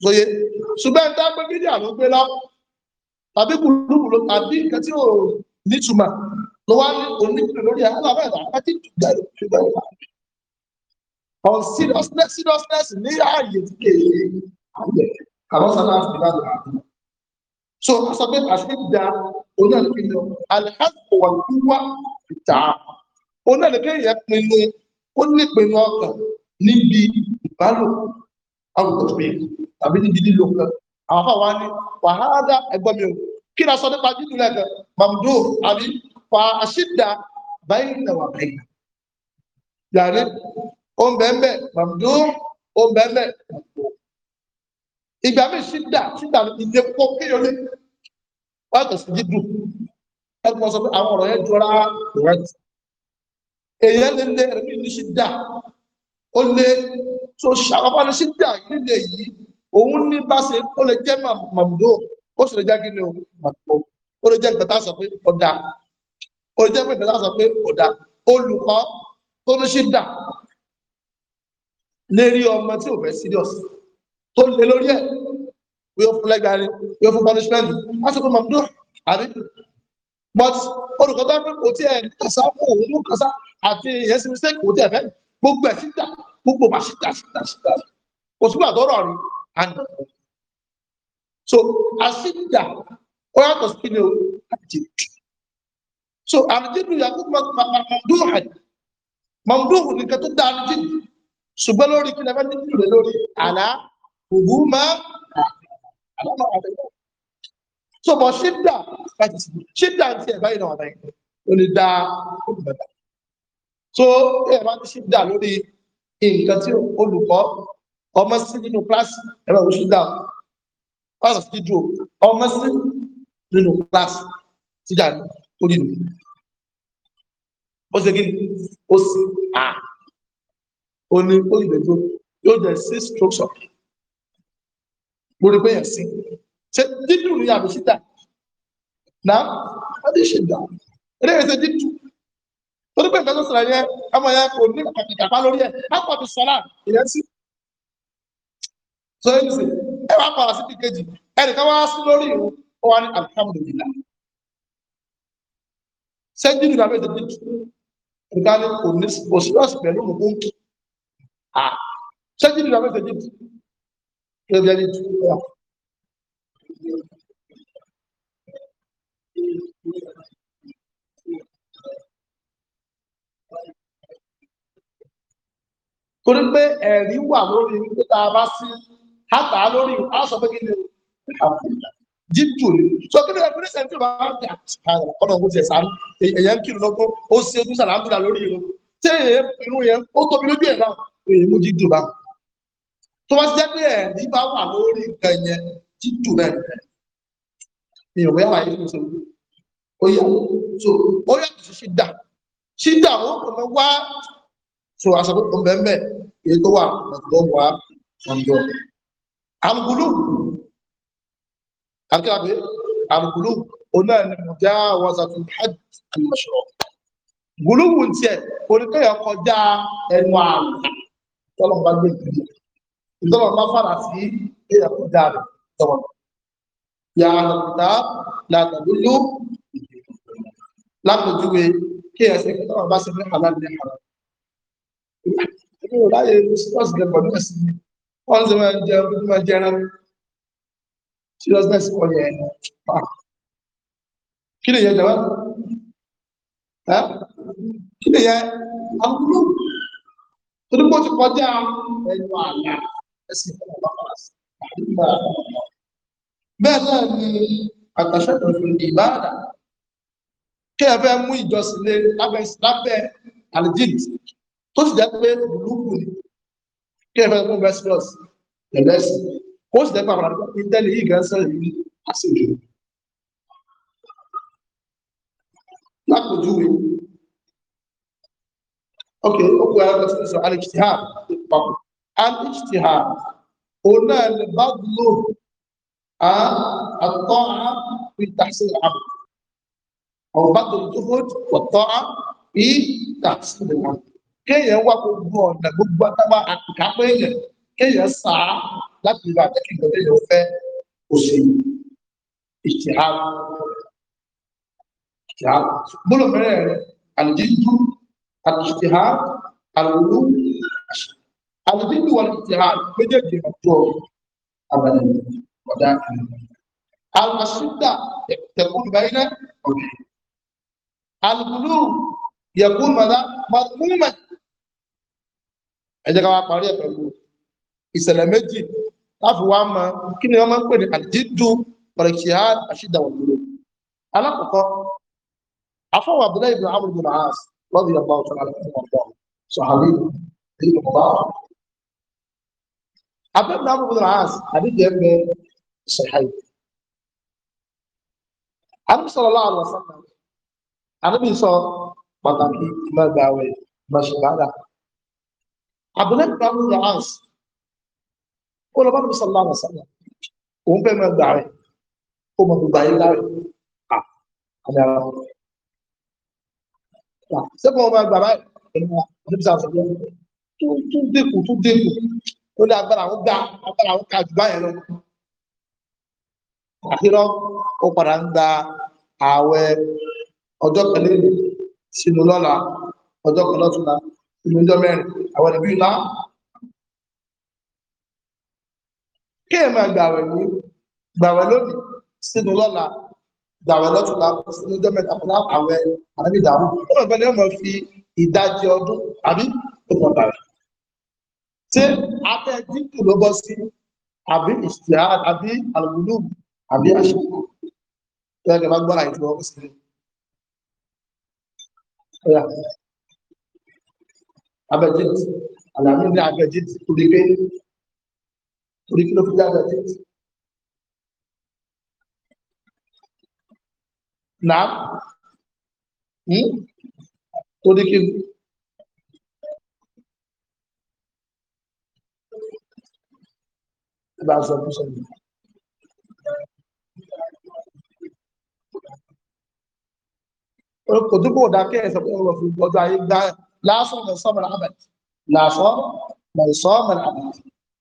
lóye ṣùgbọ́n tá gbé fídíà ló gbé lọ tàbí kùlùkù ló tàbí nǹkan tí ò nítumà ló wá ní oníkùlù lórí àwọn àbẹ́ẹ̀dá àti ìdúgbà ìdúgbà ìdúgbà on seriousness seriousness ní ààyè tí kèé àwọn sábà fi láti àdúrà so a sọ pé àṣírí da onáà ní kíni alhassan wà kúwà ìta onáà ní kéèyàn pinnu ó ní pinnu ọkàn níbi ìbálò àwùjọpẹ tàbí níbi lílo kan àwọn afọ wa ní wàhálà ẹ̀gbọ́n mi o kí ni a sọ nípa jíjù lẹ́ẹ̀kan mamdu àbí fa àṣìdá báyìí nà wà báyìí yàrá ó ń bẹ́ẹ̀ bẹ́ẹ̀ mamdu ó ìgbà mi ṣìdá ṣìdá ilé kó kéèyàn wákàtí sí dídùn ẹgbọ́n sọ pé àwọn ọ̀rọ̀ yẹn jọra correct èèyàn lè lé ẹ̀rọ ní ṣídà ó lé tó ṣàkọ́kọ́ ní ṣídà nílé yìí òun ní bá ṣe ó lè jẹ́ màmúdó ó sì lè jẹ́ kí ni o màmúdó ó lè jẹ́ ìgbàtà sọ pé ọ̀dà ó lè jẹ́ ìgbàtà sọ pé ọ̀dà olùkọ́ tó ní ṣídà lérí ọmọ tí ò fẹ́ serious tó lé lórí ẹ̀ yóò fún lẹ́gbẹ̀ẹ́ ni yóò fún punishment lásìkò mamdu àbí but olùkọ́ tó fẹ́ kò tí ẹ̀ kàṣà kò òun kàṣà àti ìyẹn sí mistake kò tí ẹ̀ fẹ́ gbogbo ẹ̀ síta gbogbo bá síta síta síta kò sígbà tó rọ̀ àná so àṣìjà ó yàtọ̀ sí ni o àjè so àrùjẹ́dù yàtọ̀ mamdu àjè mamdu nìkan tó dá àrùjẹ́dù ṣùgbọ́n lórí kí lẹ́fẹ́ nídìí rẹ̀ lórí àlá ògùn máa àlọ́mọ àtẹ̀yìn so bọ̀ ṣídà láti ṣe ṣídà ti ẹ̀ báyìí náà àtẹ̀yìn ó lè dá olùmọ̀ta so ẹ̀ máa ti ṣídà lórí nǹkan tí olùkọ́ ọmọ sí nínú kíláàsì ẹ̀ máa wọ ṣídà ọ̀rọ̀ sí ju ọmọ sí nínú kíláàsì ṣídà lórí nù ó ṣe kí ó sì à ó ní ó ìgbẹ́jọ́ yóò jẹ́ six strokes of lórí pé yẹn sí ṣe dídùn ní àbí ṣídà náà adé ṣídà eré ẹsẹ dídùn torí pé ìgbésẹ̀ sọ̀rọ̀ yẹn ọmọ yẹn kò ní kàkàkà lórí ẹ̀ lápò àbí sọ̀rọ̀ ìyẹn sí sọ̀rọ̀ yìí sí ẹ wàá pààrọ̀ sí kékejì ẹnìkan wá sí lórí ìwọ ó wá ní alihamudulilayi sẹ́jú ní abẹ́ ìdíjú ìdíjú ìdíjú kò sí ọ̀sìn pẹ̀lú òkú ń kí sẹ́jú ní abẹ́ ìdíjú tó jẹ́ ní túbọ̀ torí pé ẹ̀rí wà lórí wípé tá a bá sí hátà lórí aṣọ pé kí ni jíjù ni sọ kí ni ẹ pínlẹ̀ sẹ́ńtì bá ń tẹ ọ̀nà òun ti ẹ̀sán ẹ̀yẹ ń kiri lọ́gbọ́n ó ṣe ojú sàlámùdà lórí irun tí irun yẹn ó tóbi lójú ẹ̀ náà èyí mú jíjù báwọn tó bá ti jẹ́ pé ẹ̀rí bá wà lórí nǹkan yẹn títù rẹ̀ mi ò wẹ́wà yìí fún sọ́dún ó yà so ó yàtọ̀ sí ṣídà ṣídà wọn kò lọ wá so aṣọ tó tó bẹ́ẹ̀ bẹ́ẹ̀ èyí tó wà lọ́dọ̀ wà ọ̀dọ̀ àmùkúlù àkíyàbí àmùkúlù oná ni mo já wọ́sà tó hajj àlùmọ̀ṣọ́ gùlùwù tiẹ̀ oníkẹ́yọ̀ kọjá ẹnu àlù tọ́lọ́mọba gbé ìgbìyànjú ìtọ́lọ̀ bá fara sí èèyàn kú dáadọ̀ tọ́wọ́ ya àtàkùtà látàlúlú lápòjúwe kí ẹ̀ sí ìtọ́lọ̀ bá sí fún àlàlẹ́ ara ẹgbẹ́ òláyé serious gẹ̀bọ̀ náà sí wọ́n ti máa jẹ ọdún máa jẹ ẹran seriousness wọ́n yẹ ẹ̀yàn ah. kí lè yẹ jọba kí lè yẹ àbúrò ti kọjá ẹnu àlà ẹ̀sìn ìfọwọ́ bẹ́ẹ̀ náà ni àtàṣẹ́tò fún ìbáàdà kí ẹ fẹ́ mú ìjọsìn lé lábẹ́ aljid tó sì jẹ́ pé bùlùkù ni kí ẹ fẹ́ mú vestus ẹ̀lẹ́sìn kó sì jẹ́ pé àwọn àdúgbò ìtẹ́lẹ̀ yìí gan sẹ́yìn ní àṣejù lápòjúwe ok ó kó ẹ̀rọ tó sọ alexi ha papọ̀ al-ijtihad òun náà lè bá dúró àtọ́ra fi tahsil al-abd ọ̀rọ̀ bá tó tó fún ọ̀tọ́ra fi tahsil al-abd kéèyàn wá gbogbo ọ̀nà gbogbo àtàwọn àkàpẹ́ yẹn kéèyàn sá láti ìlú àtẹ́kẹ̀kọ̀ lẹ́yìn ọ̀fẹ́ òṣèlú ijtihad ijtihad gbọ́dọ̀ bẹ̀rẹ̀ àlùjíjú àlùjíjú àlùjíjú àlùjíjú àlùdíjú wọn ti ha méjèèjì ọjọ́ abàlẹ ọdá kan alùpàṣídà tẹkùn báyìí náà ọdẹ alùpùlù yẹkùn mọdà mọdùmùmẹ ẹ jẹ́ ká wá parí ẹ pẹ̀lú ìṣẹ̀lẹ̀ méjì láfi wá mọ kí ni wọn máa ń pè ní àlùdíjú ọrẹkìá àṣídà wọn lò alákọ̀ọ́kọ́ afọwọ abdullahi ibn amr abẹ́bùnà àbúrò àás àdíjẹ́ ń bẹ ṣẹ̀háì àmúṣọ̀lọ́lá àlọ́sánà àdúgbì sọ pàtàkì mẹ́gbàwẹ̀ mẹ́ṣẹ̀gbàdà àbúrẹ́bùnà àbúrò àás ó lọ bá mi sọ̀lọ́ àlọ́sánà òun fẹ́ mẹ́gbàwẹ̀ ó mọ gbogbo ayé láwẹ̀ àmì ara wọn sẹ́kọ̀ọ́ ọmọ àgbà báyìí ẹ̀mí wa àdúgbì sọ̀rọ̀ tó tó dẹ́kù tó dẹ́kù tó lé agbára àwọn gbà agbára àwọn ka jù báyẹn lọ àkírọ ó padà ń gba ààwẹ̀ ọjọ́ kẹlẹ sínú lọ́la ọjọ́ kan lọtúnla sínú ọjọ́ mẹ́rin àwọn ẹbí ńlá kéèyàn máa gbààwẹ̀ ní gbààwẹ̀ lónìí sínú lọ́la gbààwẹ̀ lọtúnla sínú ọjọ́ mẹ́ta fún àwẹ̀ àrẹbí dàrú ó bẹ̀rẹ̀ ní ọmọ fi ìdajì ọdún àbí ó mọ̀ bàrẹ̀ ṣé abẹ́ dínkù ló bọ́ sí àbí ìṣìyà àbí àlùmínú àbí àṣà ẹgbẹ́ bá gbára ìtura ọkọ̀ sílẹ̀ abẹ́ dínkù àlàmí ní abẹ́ dínkù torí pé torí kí hmm? torí kí bá sọ fún sọ́yìn. kò dúpọ̀ dákẹ́ ẹ̀sẹ̀ pé ọ̀rọ̀ fún ọjọ́ ayé gbá lásán lọ sọ́mọ̀ lábẹ̀ lásán lọ sọ́mọ̀ lábẹ̀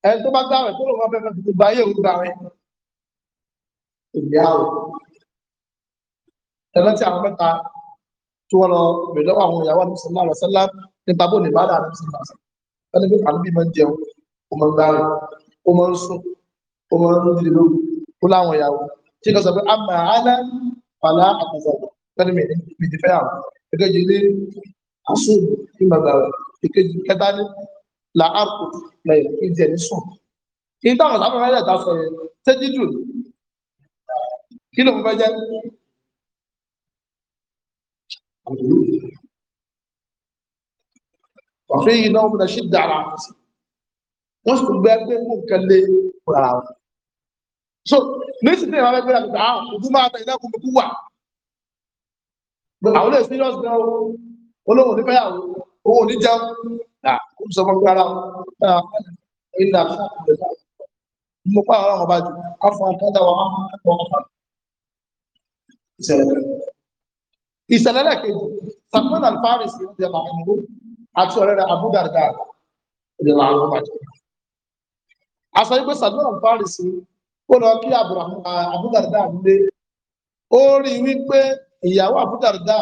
ẹni tó bá dáwẹ̀ tó lọ́wọ́ fẹ́fẹ́ fi gbogbo ayé òun dáwẹ̀ ìgbé àwọ̀ ẹ̀rọ tí àwọn mẹ́ta tí wọ́n lọ rè lọ́wọ́ àwọn ìyàwó àdúgbò náà lọ́sẹ̀ nípa bó ní bá dà àdúgbò náà ẹni pé àdúgbò máa ń jẹun ó máa ń ó máa ń sùn ó máa ń dìde lóru ó láwọn ìyàwó tí kan sọ pé àmà àlá fàlà àtàzàgbà fẹ́ni mi mi ti fẹ́ àwọn èkejì ní asùn ìgbàgbà rẹ̀ èkejì kẹta ní là áàpù lẹ́yìn ìdí ẹ̀ ní sùn. ìtàwọn sábà fẹ́ lẹ́ta sọ yẹn tẹ́jú jù kí ló ń fẹ́ jẹ́ وفيه نوع من الشدة على أنفسهم wọ́n sì gbẹ́ pé mú nǹkan lé fúnra wọn. so nísìsiyìí tí ìwà bẹ́ẹ̀ gbé àwọn ah, ojú máa ta ìdákun mi kú wà. àwọn olè serious gan o olówó ní fẹ́yàwó owó ní jẹun nà kó sọ fún rárá ìlà fún ọ̀pọ̀lọpọ̀ mo pa àwọn ọmọ bá jù afọ àtọ́jà wà wọn kọ́ ọmọ ìṣẹ̀lẹ̀ ìṣẹ̀lẹ̀ lẹ́ẹ̀kejì Salman al-Farisi ìṣẹ̀lẹ̀ àti ọ̀rẹ́ rẹ̀ Abu Darda ìṣẹ̀lẹ̀ àwọn ọmọ aṣọ yìí pé sàdúrà ń fárí sí ó lọ kí àbúdàdà lé ó rí i wípé ìyàwó àbúdàdà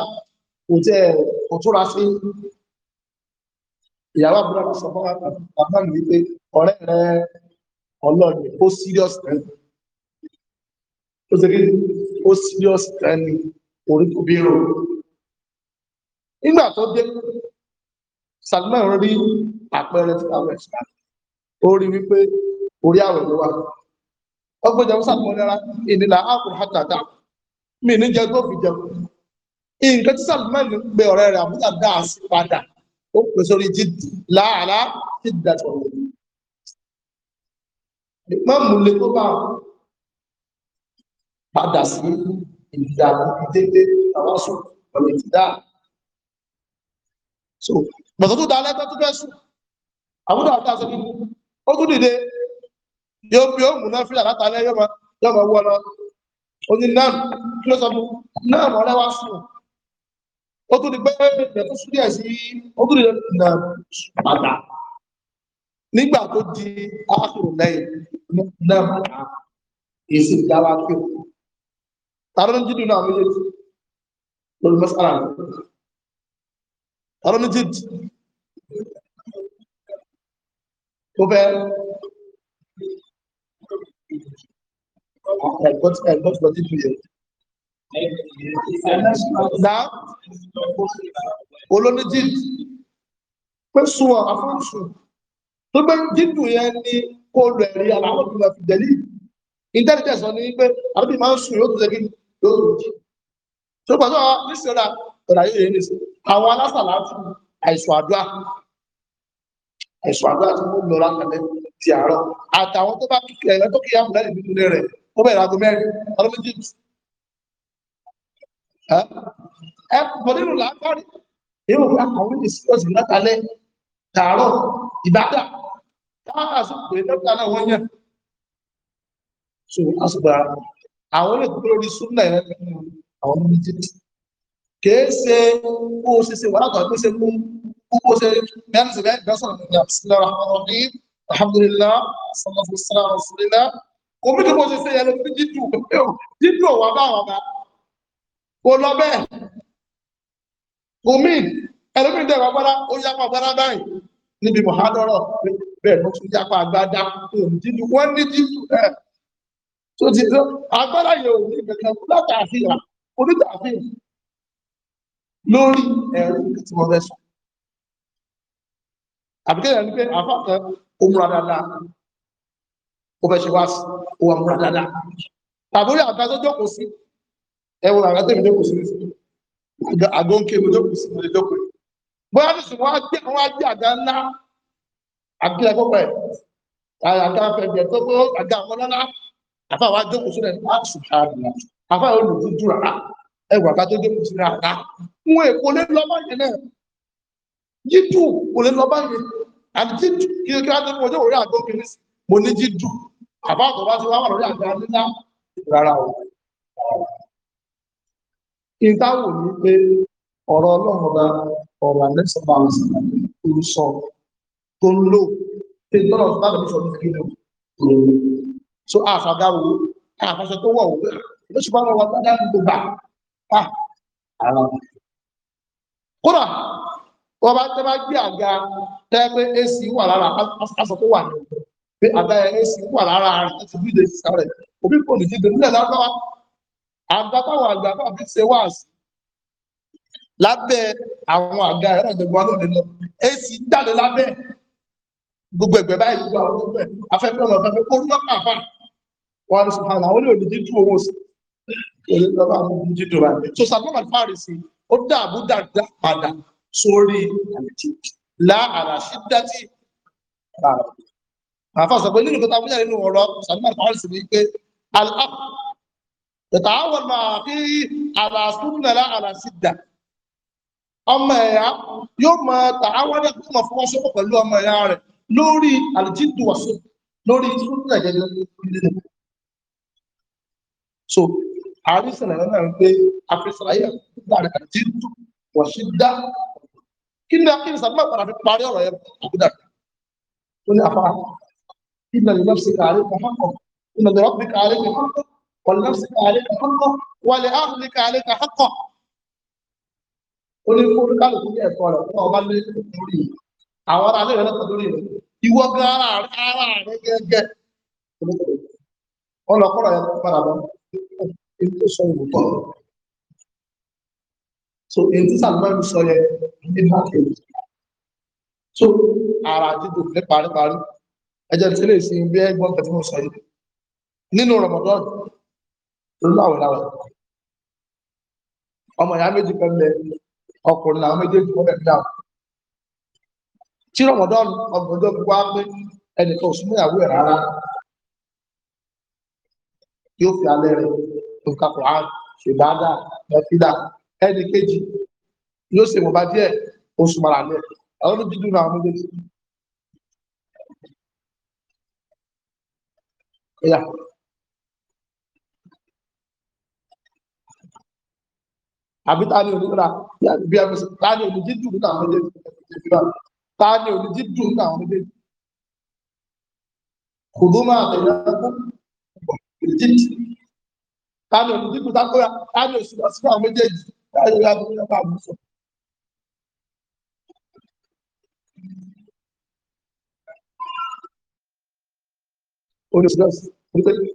kò tẹ kò túra sí ìyàwó àbúdàdà sọ fún bàbá mi wípé ọ̀rẹ́ rẹ ọlọ́ọ̀ni ó serious rẹ ó ṣe kí ó serious rẹ ni orí kò bí rò nígbà tó dé Salman rí àpẹẹrẹ tí àwọn ẹ̀ṣẹ̀ ó rí wípé orí àwẹ̀ ló wà ọgbọ́n jẹun sàlùmọ́nára ìnìlà ààkùn hàtàtà mi ní jẹ tó fi jẹun nǹkan tí sàlùmọ́n ń gbé ọ̀rẹ́ rẹ̀ àmúta dá a sí padà ó pè sórí jíde láàlá jíde àtọ̀rọ̀ má múlẹ̀ tó bá padà sí ìdíjà ìdíje àwọn sùn ọ̀nà ìdíjà so gbọ̀dọ̀ tó dá lẹ́tọ́ tó fẹ́ sùn àbúrò àti àṣọ ó tún dìde yóò bí ó múná fílà látàlẹ́ yóò máa wọ́ lọ ó ní náà kí ló sọ fún náà ọ̀rẹ́ wá sùn ó tún di pé ìyẹn tó súnlẹ̀ sí ó tún di nà padà nígbà tó di ákùrù lẹ́yìn náà padà èsì ìdáwà kí o tààrọ́ ní jídù náà méjèèjì lórí mọ́sálà rẹ̀ tààrọ́ ní jídù tó fẹ́ ẹ̀gbọ́n ẹ̀gbọ́n lọ títú yẹ. Dá olóní jíìtì pé súnwọ̀ afọ́nsù tó gbé jíìtù yẹn ní kó lọ ẹ̀rí aláwọ̀ tó lọ fi dẹ̀lí. Intelligence sọ ní pé àbúrò máa ń sùn yóò tó ṣe kí yóò tó jí. Tó pàṣẹ wa ní sọ́dà ọ̀dà yóò yẹ ní sí. Àwọn alásàlá fún àìsàn àdúrà. Àìsàn àdúrà tí wọ́n lọ lákàlẹ́ ti àárọ̀ àtàwọn tó bá kíkẹ́ ẹ̀rọ tó kíyà mú lẹ́yìn nínú ilé rẹ̀ ó bẹ̀rẹ̀ aago mẹ́rin ọdún méjì ẹ pọ̀ nínú làákọ́rí èèwọ̀ bí akọ̀wé méjì sí ọ̀sìn látàlẹ́ tààrọ̀ ìbádà káàkà sí náà wọ́n yàn so àsùgbà àwọn ilé ìpínlẹ̀ orí súnà ẹ̀rẹ́ àwọn méjì kìí ṣe bó ṣe ṣe wàhálà tó ṣe mú bó ṣe mẹ́rin sí mẹ́rin sọ̀rọ̀ ní àbísílára ọ̀rọ̀ ní alhamdulillah sallallahu alaihi wa sallam omi tó bọ́ ṣe ṣe yẹn ló fi jíjù jíjù ọ̀wà bá wà bá kò lọ bẹ́ẹ̀ omi ẹlòmíì dẹ̀ wàgbára ó yapa gbára báyìí níbi mọ̀hádọ́rọ̀ bẹ́ẹ̀ ló tún yapa àgbádá jíjù wọ́n ní jíjù ẹ̀ tó ti tó agbára lórí ẹ̀rù tí wọ́n fẹ́ sọ ó múra dáadáa ó fẹ́ ṣe wá sí ó wà múra dáadáa tàbórí àga tó jókòó sí ẹwọ àga tó mi jókòó sí àgọ́ ń ké mi jókòó sí mi lè jókòó bóyá ní sùn wọ́n á gbé wọ́n á gbé àga ńlá àgbélé púpọ̀ ẹ̀ àga fẹ̀gbẹ̀ tó kó àga àwọn ọlọ́lá àfa wa jókòó sílẹ̀ ní àṣù àbìyà àfa yóò lù dúdú rárá ẹwà ká tó jókòó sílẹ̀ àga wọn èkó lé lọ́bàyẹn náà yíjú kò lé lọ́bàyẹn àti jíjù kí kí wá tó mú ọjọ́ òwúrọ̀ àgbọ̀ kiri sí mo ní jíjù àbá àtọ̀ bá ti wá wà lórí àgbà nílá rárá o. ìdáwò ni pé ọ̀rọ̀ ọlọ́run ọba ọ̀rọ̀ àlẹ́sọ̀bà ọ̀sán tó ń sọ tó ń lò pé tọ́lọ̀ tó bá lè sọ ní kí ló lò ó. so àfàgáwò àfàṣọ tó wọ̀ òwe ló ṣe bá wọn wá dáadáa gbogbo gbà. Ah, kódà wọ́n bá tẹ́ bá gbé àga tẹ́ pé ac wà lára aṣọ tó wà ní ọ̀dọ̀ pé àga ac wà lára rẹ̀ láti bí ìdè sísá rẹ̀ òbí kò ní dìde nílẹ̀ lábáwá àga táwọn àgbà bá fi ṣe wá sí lábẹ́ àwọn àga ẹ̀rọ ìjọba lónìí lọ ac jáde lábẹ́ gbogbo ẹgbẹ́ báyìí gbogbo àwọn gbogbo ẹ̀ afẹ́fẹ́ ọ̀nà ọ̀fẹ́fẹ́ kó lọ́ pàfà wọn ni sùn àwọn olè òdìdí dùn owó sí olè lọ́ba àwọn olè òdìdí dùn rà so sàgbọ́n àti fáàrí sí ó dààbò dàda padà sórí àlejò láàrà ṣídátì àrà àfa sọ pé nínú ìkọta fúnjà nínú ọ̀rọ̀ sàmúlò àwọn sì ní pé alhaq tẹ̀tà àwọn máa fi àrà súnmọ́lá àrà ṣídà ọmọ ẹ̀yà yóò máa tà lórí àlejò wàṣọ lórí súnmọ́lá so àrísìnà náà ń pé afẹ́sàlàyé àti ìgbà rẹ̀ wọ́n sì dá kí ni akíni sàdúrà padà fi parí ọ̀rọ̀ yẹn àbúdà tó ní afa kí ni àlè lọ́sí kàrí kàkọ́ kí ni àlè rọ́bì kàrí kàkọ́ wọ́n lọ́sí kàrí kàkọ́ wọ́n lè áàlì kàrí kàkọ́ ó ní kó kálukú ní ẹ̀kọ́ rẹ̀ fún ọba lé lórí àwọn ará ilé rẹ̀ lọ́sọ̀ lórí rẹ̀ ìwọ gan ara rẹ̀ gẹ́gẹ́ ọlọ́kọ̀rọ̀ yẹn so èyí tí sàlùmọ́nù sọ yẹ nígbà kejì so ara dídò ní paríparí ẹjẹ tí lè sin bí ẹgbọ́n tẹ̀tí mo sọ yìí nínú Ramadan lórí àwọn ìlànà ọmọ ìyá méjì kan lẹ ọkùnrin làwọn méjèèjì wọn bẹ̀ dáhùn tí Ramadan ọgbọ̀n ọjọ́ gbogbo á pé ẹnìkan ò súnmọ́ ìyàwó ẹ̀ rárá yóò fi alẹ́ rẹ̀ tó kakọ̀ á ṣèbádà lọ́fídà ẹnì kejì yóò ṣe wọ̀nba díẹ̀ oṣù mara lẹ̀ àwọn tó dídùn náà méjèèjì. Yeah. àbí ta ni onígbà bí a fẹsẹ̀ ta Tani, oníjì dùn nínú àwọn méjèèjì ta ni oníjì dùn nínú àwọn méjèèjì kùdùmá àtẹ̀yẹ́kù ìjì ta ni oníjì dùn ta ni oṣù lọ sínú àwọn méjèèjì láti rí agbóhùn nípa àbúsọ. Olùsọ́sì, olùsọ́sì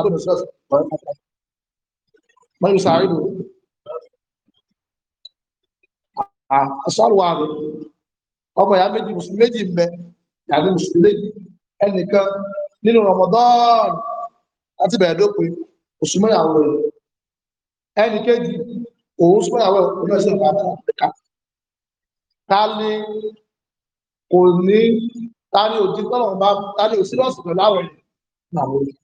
àbúrò sọ́sì, wọ́n yóò sáré lò. Àṣọ́rùwà rẹ̀, ọmọ ìyá méjì, mùsùlùmí méjì ń bẹ, ìyàgbé mùsùlùmí méjì, ẹnìkan nínú Ramadan láti bẹ̀rẹ̀ dópin oṣù mẹ́yàwó rẹ̀ ẹnì kejì òun oṣù mẹ́yàwó rẹ̀ kò ni kò ní ta ni òjì tọ́lọ̀ bá ta ni òsírọ́ọ̀sì pẹ̀lú àwọn ènìyàn làwọn ènìyàn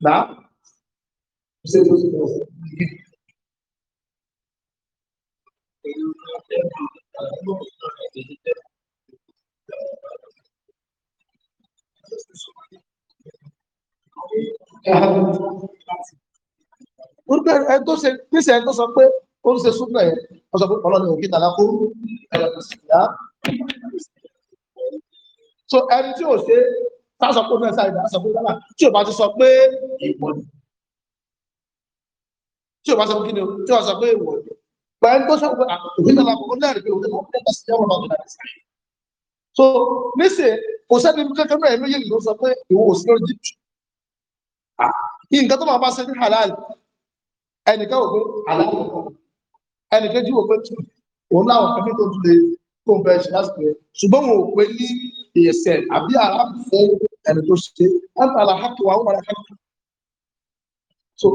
gbà ṣe Thank you orúkọ ẹ tó ṣe pèsè ẹ tó sọ pé ó ń ṣe súnmọ ẹ wọn sọ pé ọlọ́ni òkè tàlá kó ẹ̀rọ tó sì dá so ẹni tí ò ṣe sásọ pé náà sáré dá sọ pé dára tí ò bá ti sọ pé ìwọ ni tí ò bá sọ pé kí ni o tí ò sọ pé ìwọ ni pẹ̀lú tó sọ pé ah, òkè tàlá kó lẹ́rìí pé òkè tàlá kó lẹ́rìí sí ẹ̀rọ náà tó so níṣẹ́ kò sẹ́ni kankan náà ẹ̀mí yìí ló sọ pé ìwọ ò Ah, nǹkan tó máa bá ṣe ní halal ẹnìkan wò pé halal ẹnìkan jí wò pé òun láwọn kan tó tún lè tó bẹ ṣe lásìkò yẹn ṣùgbọ́n wọn ò pé ní ìyẹsẹ̀ àbí aráàlú fún ẹni tó ṣe wọn ta la hàkì wà wọn wà lákàtà so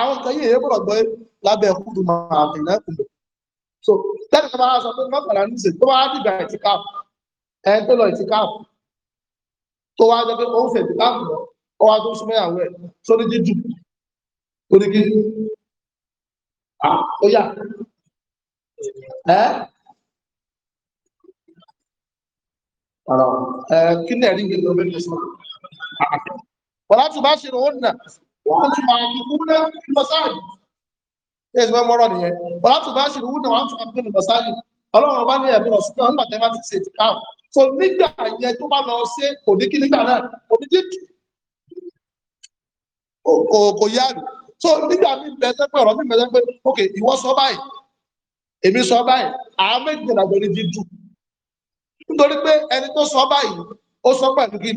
àwọn kan yìí èyí gbọ́dọ̀ gbọ́ lábẹ́ kúrú máa fi náà kùn so tẹ́lẹ̀ tó bá wá sọ pé mọ́kànlá ní ìsìn tó bá wá dìgbà ìtìkáàfù ẹ̀ ń tó lọ ìtìkáàfù tó wá jọ pé òun fẹ̀ ìtìkáàfù lọ ọwá tó súnmọ́ ìyàwó ẹ̀ sórí jíjù orí kí ó yà ẹ́ ọ̀rọ̀ ẹ̀ kí ní ẹ̀rí ìgbẹ̀rẹ̀ ọmọ ìgbẹ̀sọ́ wọ́n láti bá ṣe rò ó nà wọ́n tún máa kí kú ní mọ́sáàjì ẹ̀ sì mọ́rọ̀ nìyẹn wọ́n láti bá ṣe rò ó nà wọ́n tún máa kí ní mọ́sáàjì ọlọ́run bá ní ẹ̀bùrọ̀ sí náà nígbà ti ṣe ìtìkáà so nígbà yẹn tó bá lọ sí òdíkì nígbà náà òdíkì kò kò yáàdù so nígbà mí bẹsẹ pé ọ̀rọ̀ mí bẹsẹ pé ok ìwọ sọ báyìí èmi sọ báyìí àwọn méjì ìrìnàjò ni dídú nítorí pé ẹni tó sọ báyìí ó sọ pẹ̀lú kí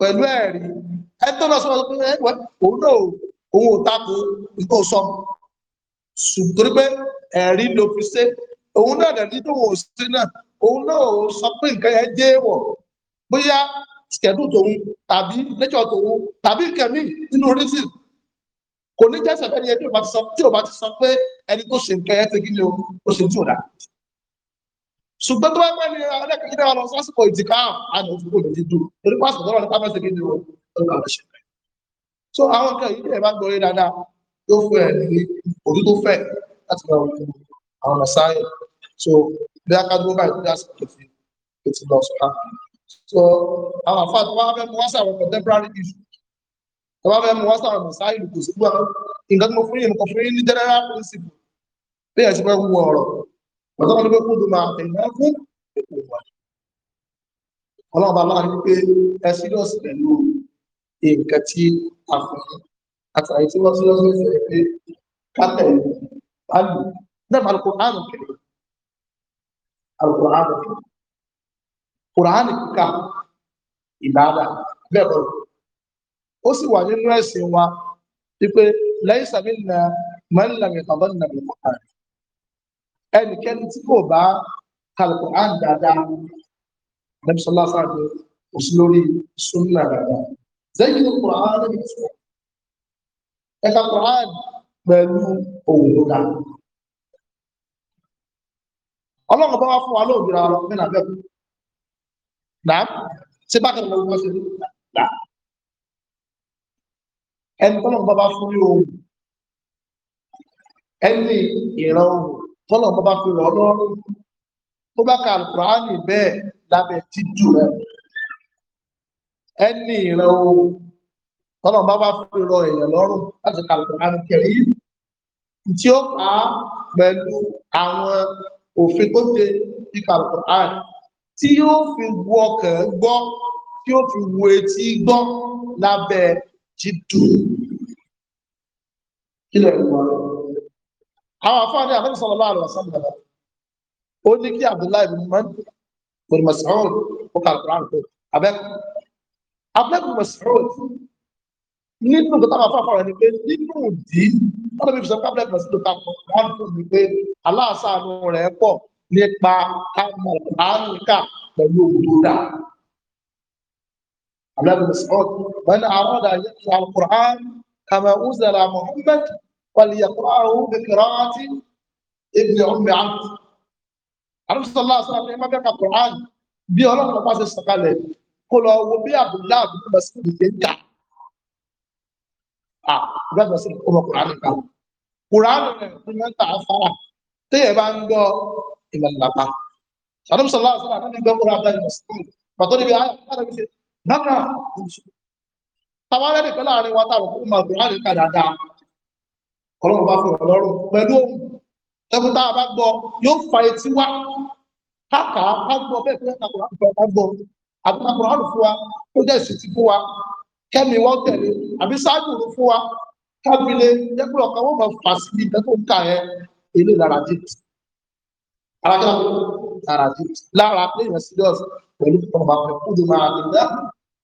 pẹ̀lú ẹ̀rí ẹni tó lọ sọ pé òun náà òun ò takò nǹkan sọ ṣùgbọ́n pé ẹ̀rí ló fi ṣe òun náà dẹ̀ ní tó wò ó sí náà òun náà ò sọ pé nǹkan yẹn jẹ́ wọ̀ bóyá schedule tòun tàbí nature tòun tàbí kẹmí nínú reason kò ní jẹ́sẹ̀ fẹ́ni ẹni tí ò bá ti sọ pé ẹni tó ṣe nǹkan ẹ̀ ṣe kí ni o ṣe tí ò dáa ṣùgbọ́n tó bá pẹ́ ní ọlẹ́kẹ̀kẹ́ náà lọ sásìkò ìdìkà àná òfúrufú òdìdí dùn torí pásítọ̀ tọ́lọ́ ní pápá ṣe kéde o ọ̀gá ọ̀rẹ́ ṣe fẹ́. so àwọn nǹkan yìí ẹ̀ bá gbọ́ yé dáadáa yóò fẹ́ ní òdú tó fẹ́ láti gba òdú àwọn ọ̀sáyẹ̀ so bí a ká dúró báyìí tó dá sí kẹfì ètò lọ so àwọn àfa tó wá fẹ́ a wá sàwọn contemporary issues tó wá fẹ́ mú wá sàwọn mọ̀sá ìlú kò sí wọn nǹkan tí mo fún yìí general principle bí ẹ̀ ti fẹ́ wú ọ̀rọ̀ ọ̀tọ́ wọn ni pé kó tó máa tẹ̀lé fún ètò ìwà ọlọ́run bá láàrin pé ẹ serious pẹ̀lú nǹkan tí a fún yín àtàrí tí wọ́n serious ní sẹ́yìn pé kátẹ̀ bá lù náà alukó àrùn kẹ̀lé alukó àrùn kẹ̀lé quran kíkà ìbáadà bẹ́ẹ̀kọ́ ó sì wà nínú ẹ̀sìn wa wípé lẹ́yìn sàmìnà mọ́nìlàmì tàbọ́nìlàmì quran ẹnikẹ́ni tí kò bá kàlùkù án dáadáa nàbísọ́lá sáàdù òsì lórí súnmọ́ dáadáa zẹ́yìn quran ẹ̀ka quran pẹ̀lú òun tó dáa bá wá fún wa lóòjúra nínú abẹ́kùn Naam. Ṣé bákan náà wọ́n ṣe rí? Naam. Ẹni tọ́lọ̀ ń bábá fún ní ohun. Ẹni ìran ohun tọ́lọ̀ ń bábá fún ọ̀dọ́ tó bá ka Kùránì bẹ́ẹ̀ lábẹ́ títù rẹ̀. Ẹni ìran ohun tọ́lọ̀ ń bábá fún ìrọ̀ èèyàn lọ́rùn láti ka Kùránì kẹrí. Tí ó kà á pẹ̀lú àwọn òfin tó ṣe nípa Kùránì tí yóò fi wo ọkàn gbọ́ tí yóò fi wo etí gbọ́ lábẹ́ jídù kílẹ̀ ìwọ̀n àwọn afáàdé àti sallallahu alaihi wasallam ó ní kí Abdullahi bin man bin Mas'ud ó kà Al-Qur'an pé abẹ́kù abẹ́kù Mas'ud nínú nǹkan táwọn afáàfáà rẹ̀ ni pé nínú ìdí wọ́n lè fi sọ pé abẹ́kù Mas'ud kà Al-Qur'an pé aláàsáàánú rẹ̀ pọ̀ nípa kámọ̀ àǹkà pẹ̀lú òdòdà. Abdullahi Mas'ud, man arada yaqra al-Qur'an kama unzila Muhammad falyaqra'hu bi qira'ati ibn Ummi Abd. Àrùn sallallahu alaihi wasallam ní ẹgbẹ́ ka Qur'an bí ọlọ́run ilẹ̀ ńlápá sàdọ́m sọlá àṣọlá àti ẹgbẹ́ kúrò abúlé mùsùlùmí pàtó níbi ayé àkàrà wíṣẹ náà tàwárẹ́ nìkan láàrin wa táwọn kúrò máa bùrọ̀ àríkà dáadáa ọlọ́run bá fọ̀rọ̀ lọ́rùn pẹ̀lú ohun ẹkùn tá a bá gbọ́ yóò fa etí wá káàkà á gbọ́ bẹ́ẹ̀ pé àkùrọ̀ àlùfọ́ á gbọ́ àbí àkùrọ̀ àlùfọ́ wa ó eh. jẹ́ ara kí ara jù lára pé èèyàn serious pẹ̀lú ọmọ bá fẹ́ kúndùn máa ti dá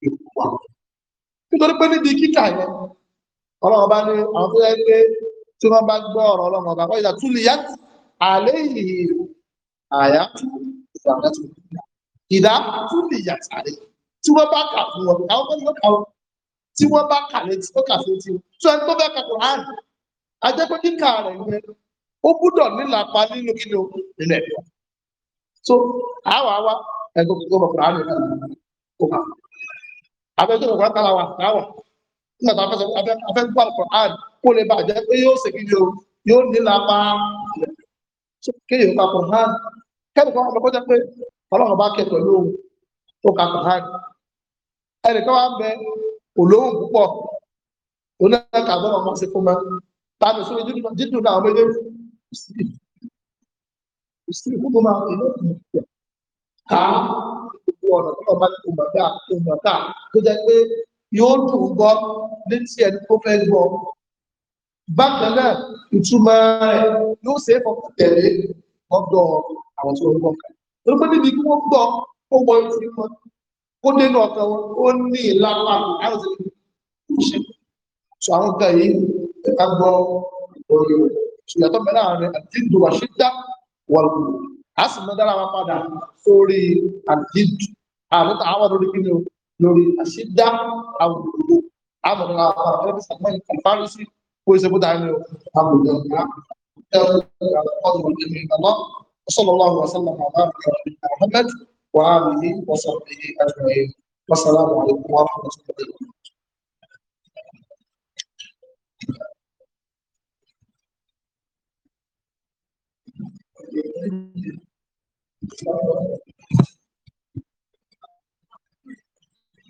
èkó wà nítorí pé níbi kíkà yẹn ọlọ́run bá ní àwọn tó yẹ pé tí wọ́n bá gbọ́ ọ̀rọ̀ ọlọ́run ọba wọ́n yà tún lè yá àlẹ́ ìhì àyà tún ìfàmìlà tún ìdá tún lè yà ó gbúdọ̀ nílapa nínú kí ni o nínú ẹ̀kọ́ so àwa wa ẹ̀kọ́ kò gbọ́dọ̀ kúrò àná kò kà abẹ́jọ́ kò kúrò tàlà wa àwa nígbà tó afẹ́sọ̀ afẹ́ gbọ́ àlùkò àn kó lè bàjẹ́ pé yóò ṣe kí ni o yóò nílapa so kéèyàn kà kò hàn kẹ́ni kan ọmọ kọjá pé ọlọ́run bá kẹ́ pẹ̀lú o kà kò hàn ẹnìkan wa bẹ olóhùn púpọ̀ oníkàkà bọ́ọ̀ ọmọ Usijue. Usijue huduma ilé ká gbogbo ọ̀nà tí wọ́n bá ti mọ̀ dáa tó mọ̀ dáa tó jẹ́ pé yóò dùn gbọ́ létí ẹni tó fẹ́ gbọ́. Bákan náà, ìtumọ̀ rẹ̀ yóò ṣe é fọkàn tẹ̀lé ọ̀dọ̀ àwọn tí wọ́n gbọ́ kan. Torí pé níbi kí wọ́n gbọ́, ó wọ ìfì wọn, ó ìyàtọ̀ mẹ́rin àárín àdídù àṣídá wọ̀lù a sì mọ́ dára wa padà sórí àdídù àmì àwọn lórí kí ni o lórí àṣídá àwọn òdòdó àmọ̀ dára wa padà lórí sàmọ́ ìfàrísí kó ìṣe bó dáa ni o àmọ̀ dára وصلى الله وسلم على نبينا محمد وآله وصحبه أجمعين والسلام عليكم ورحمة الله وبركاته 嗯。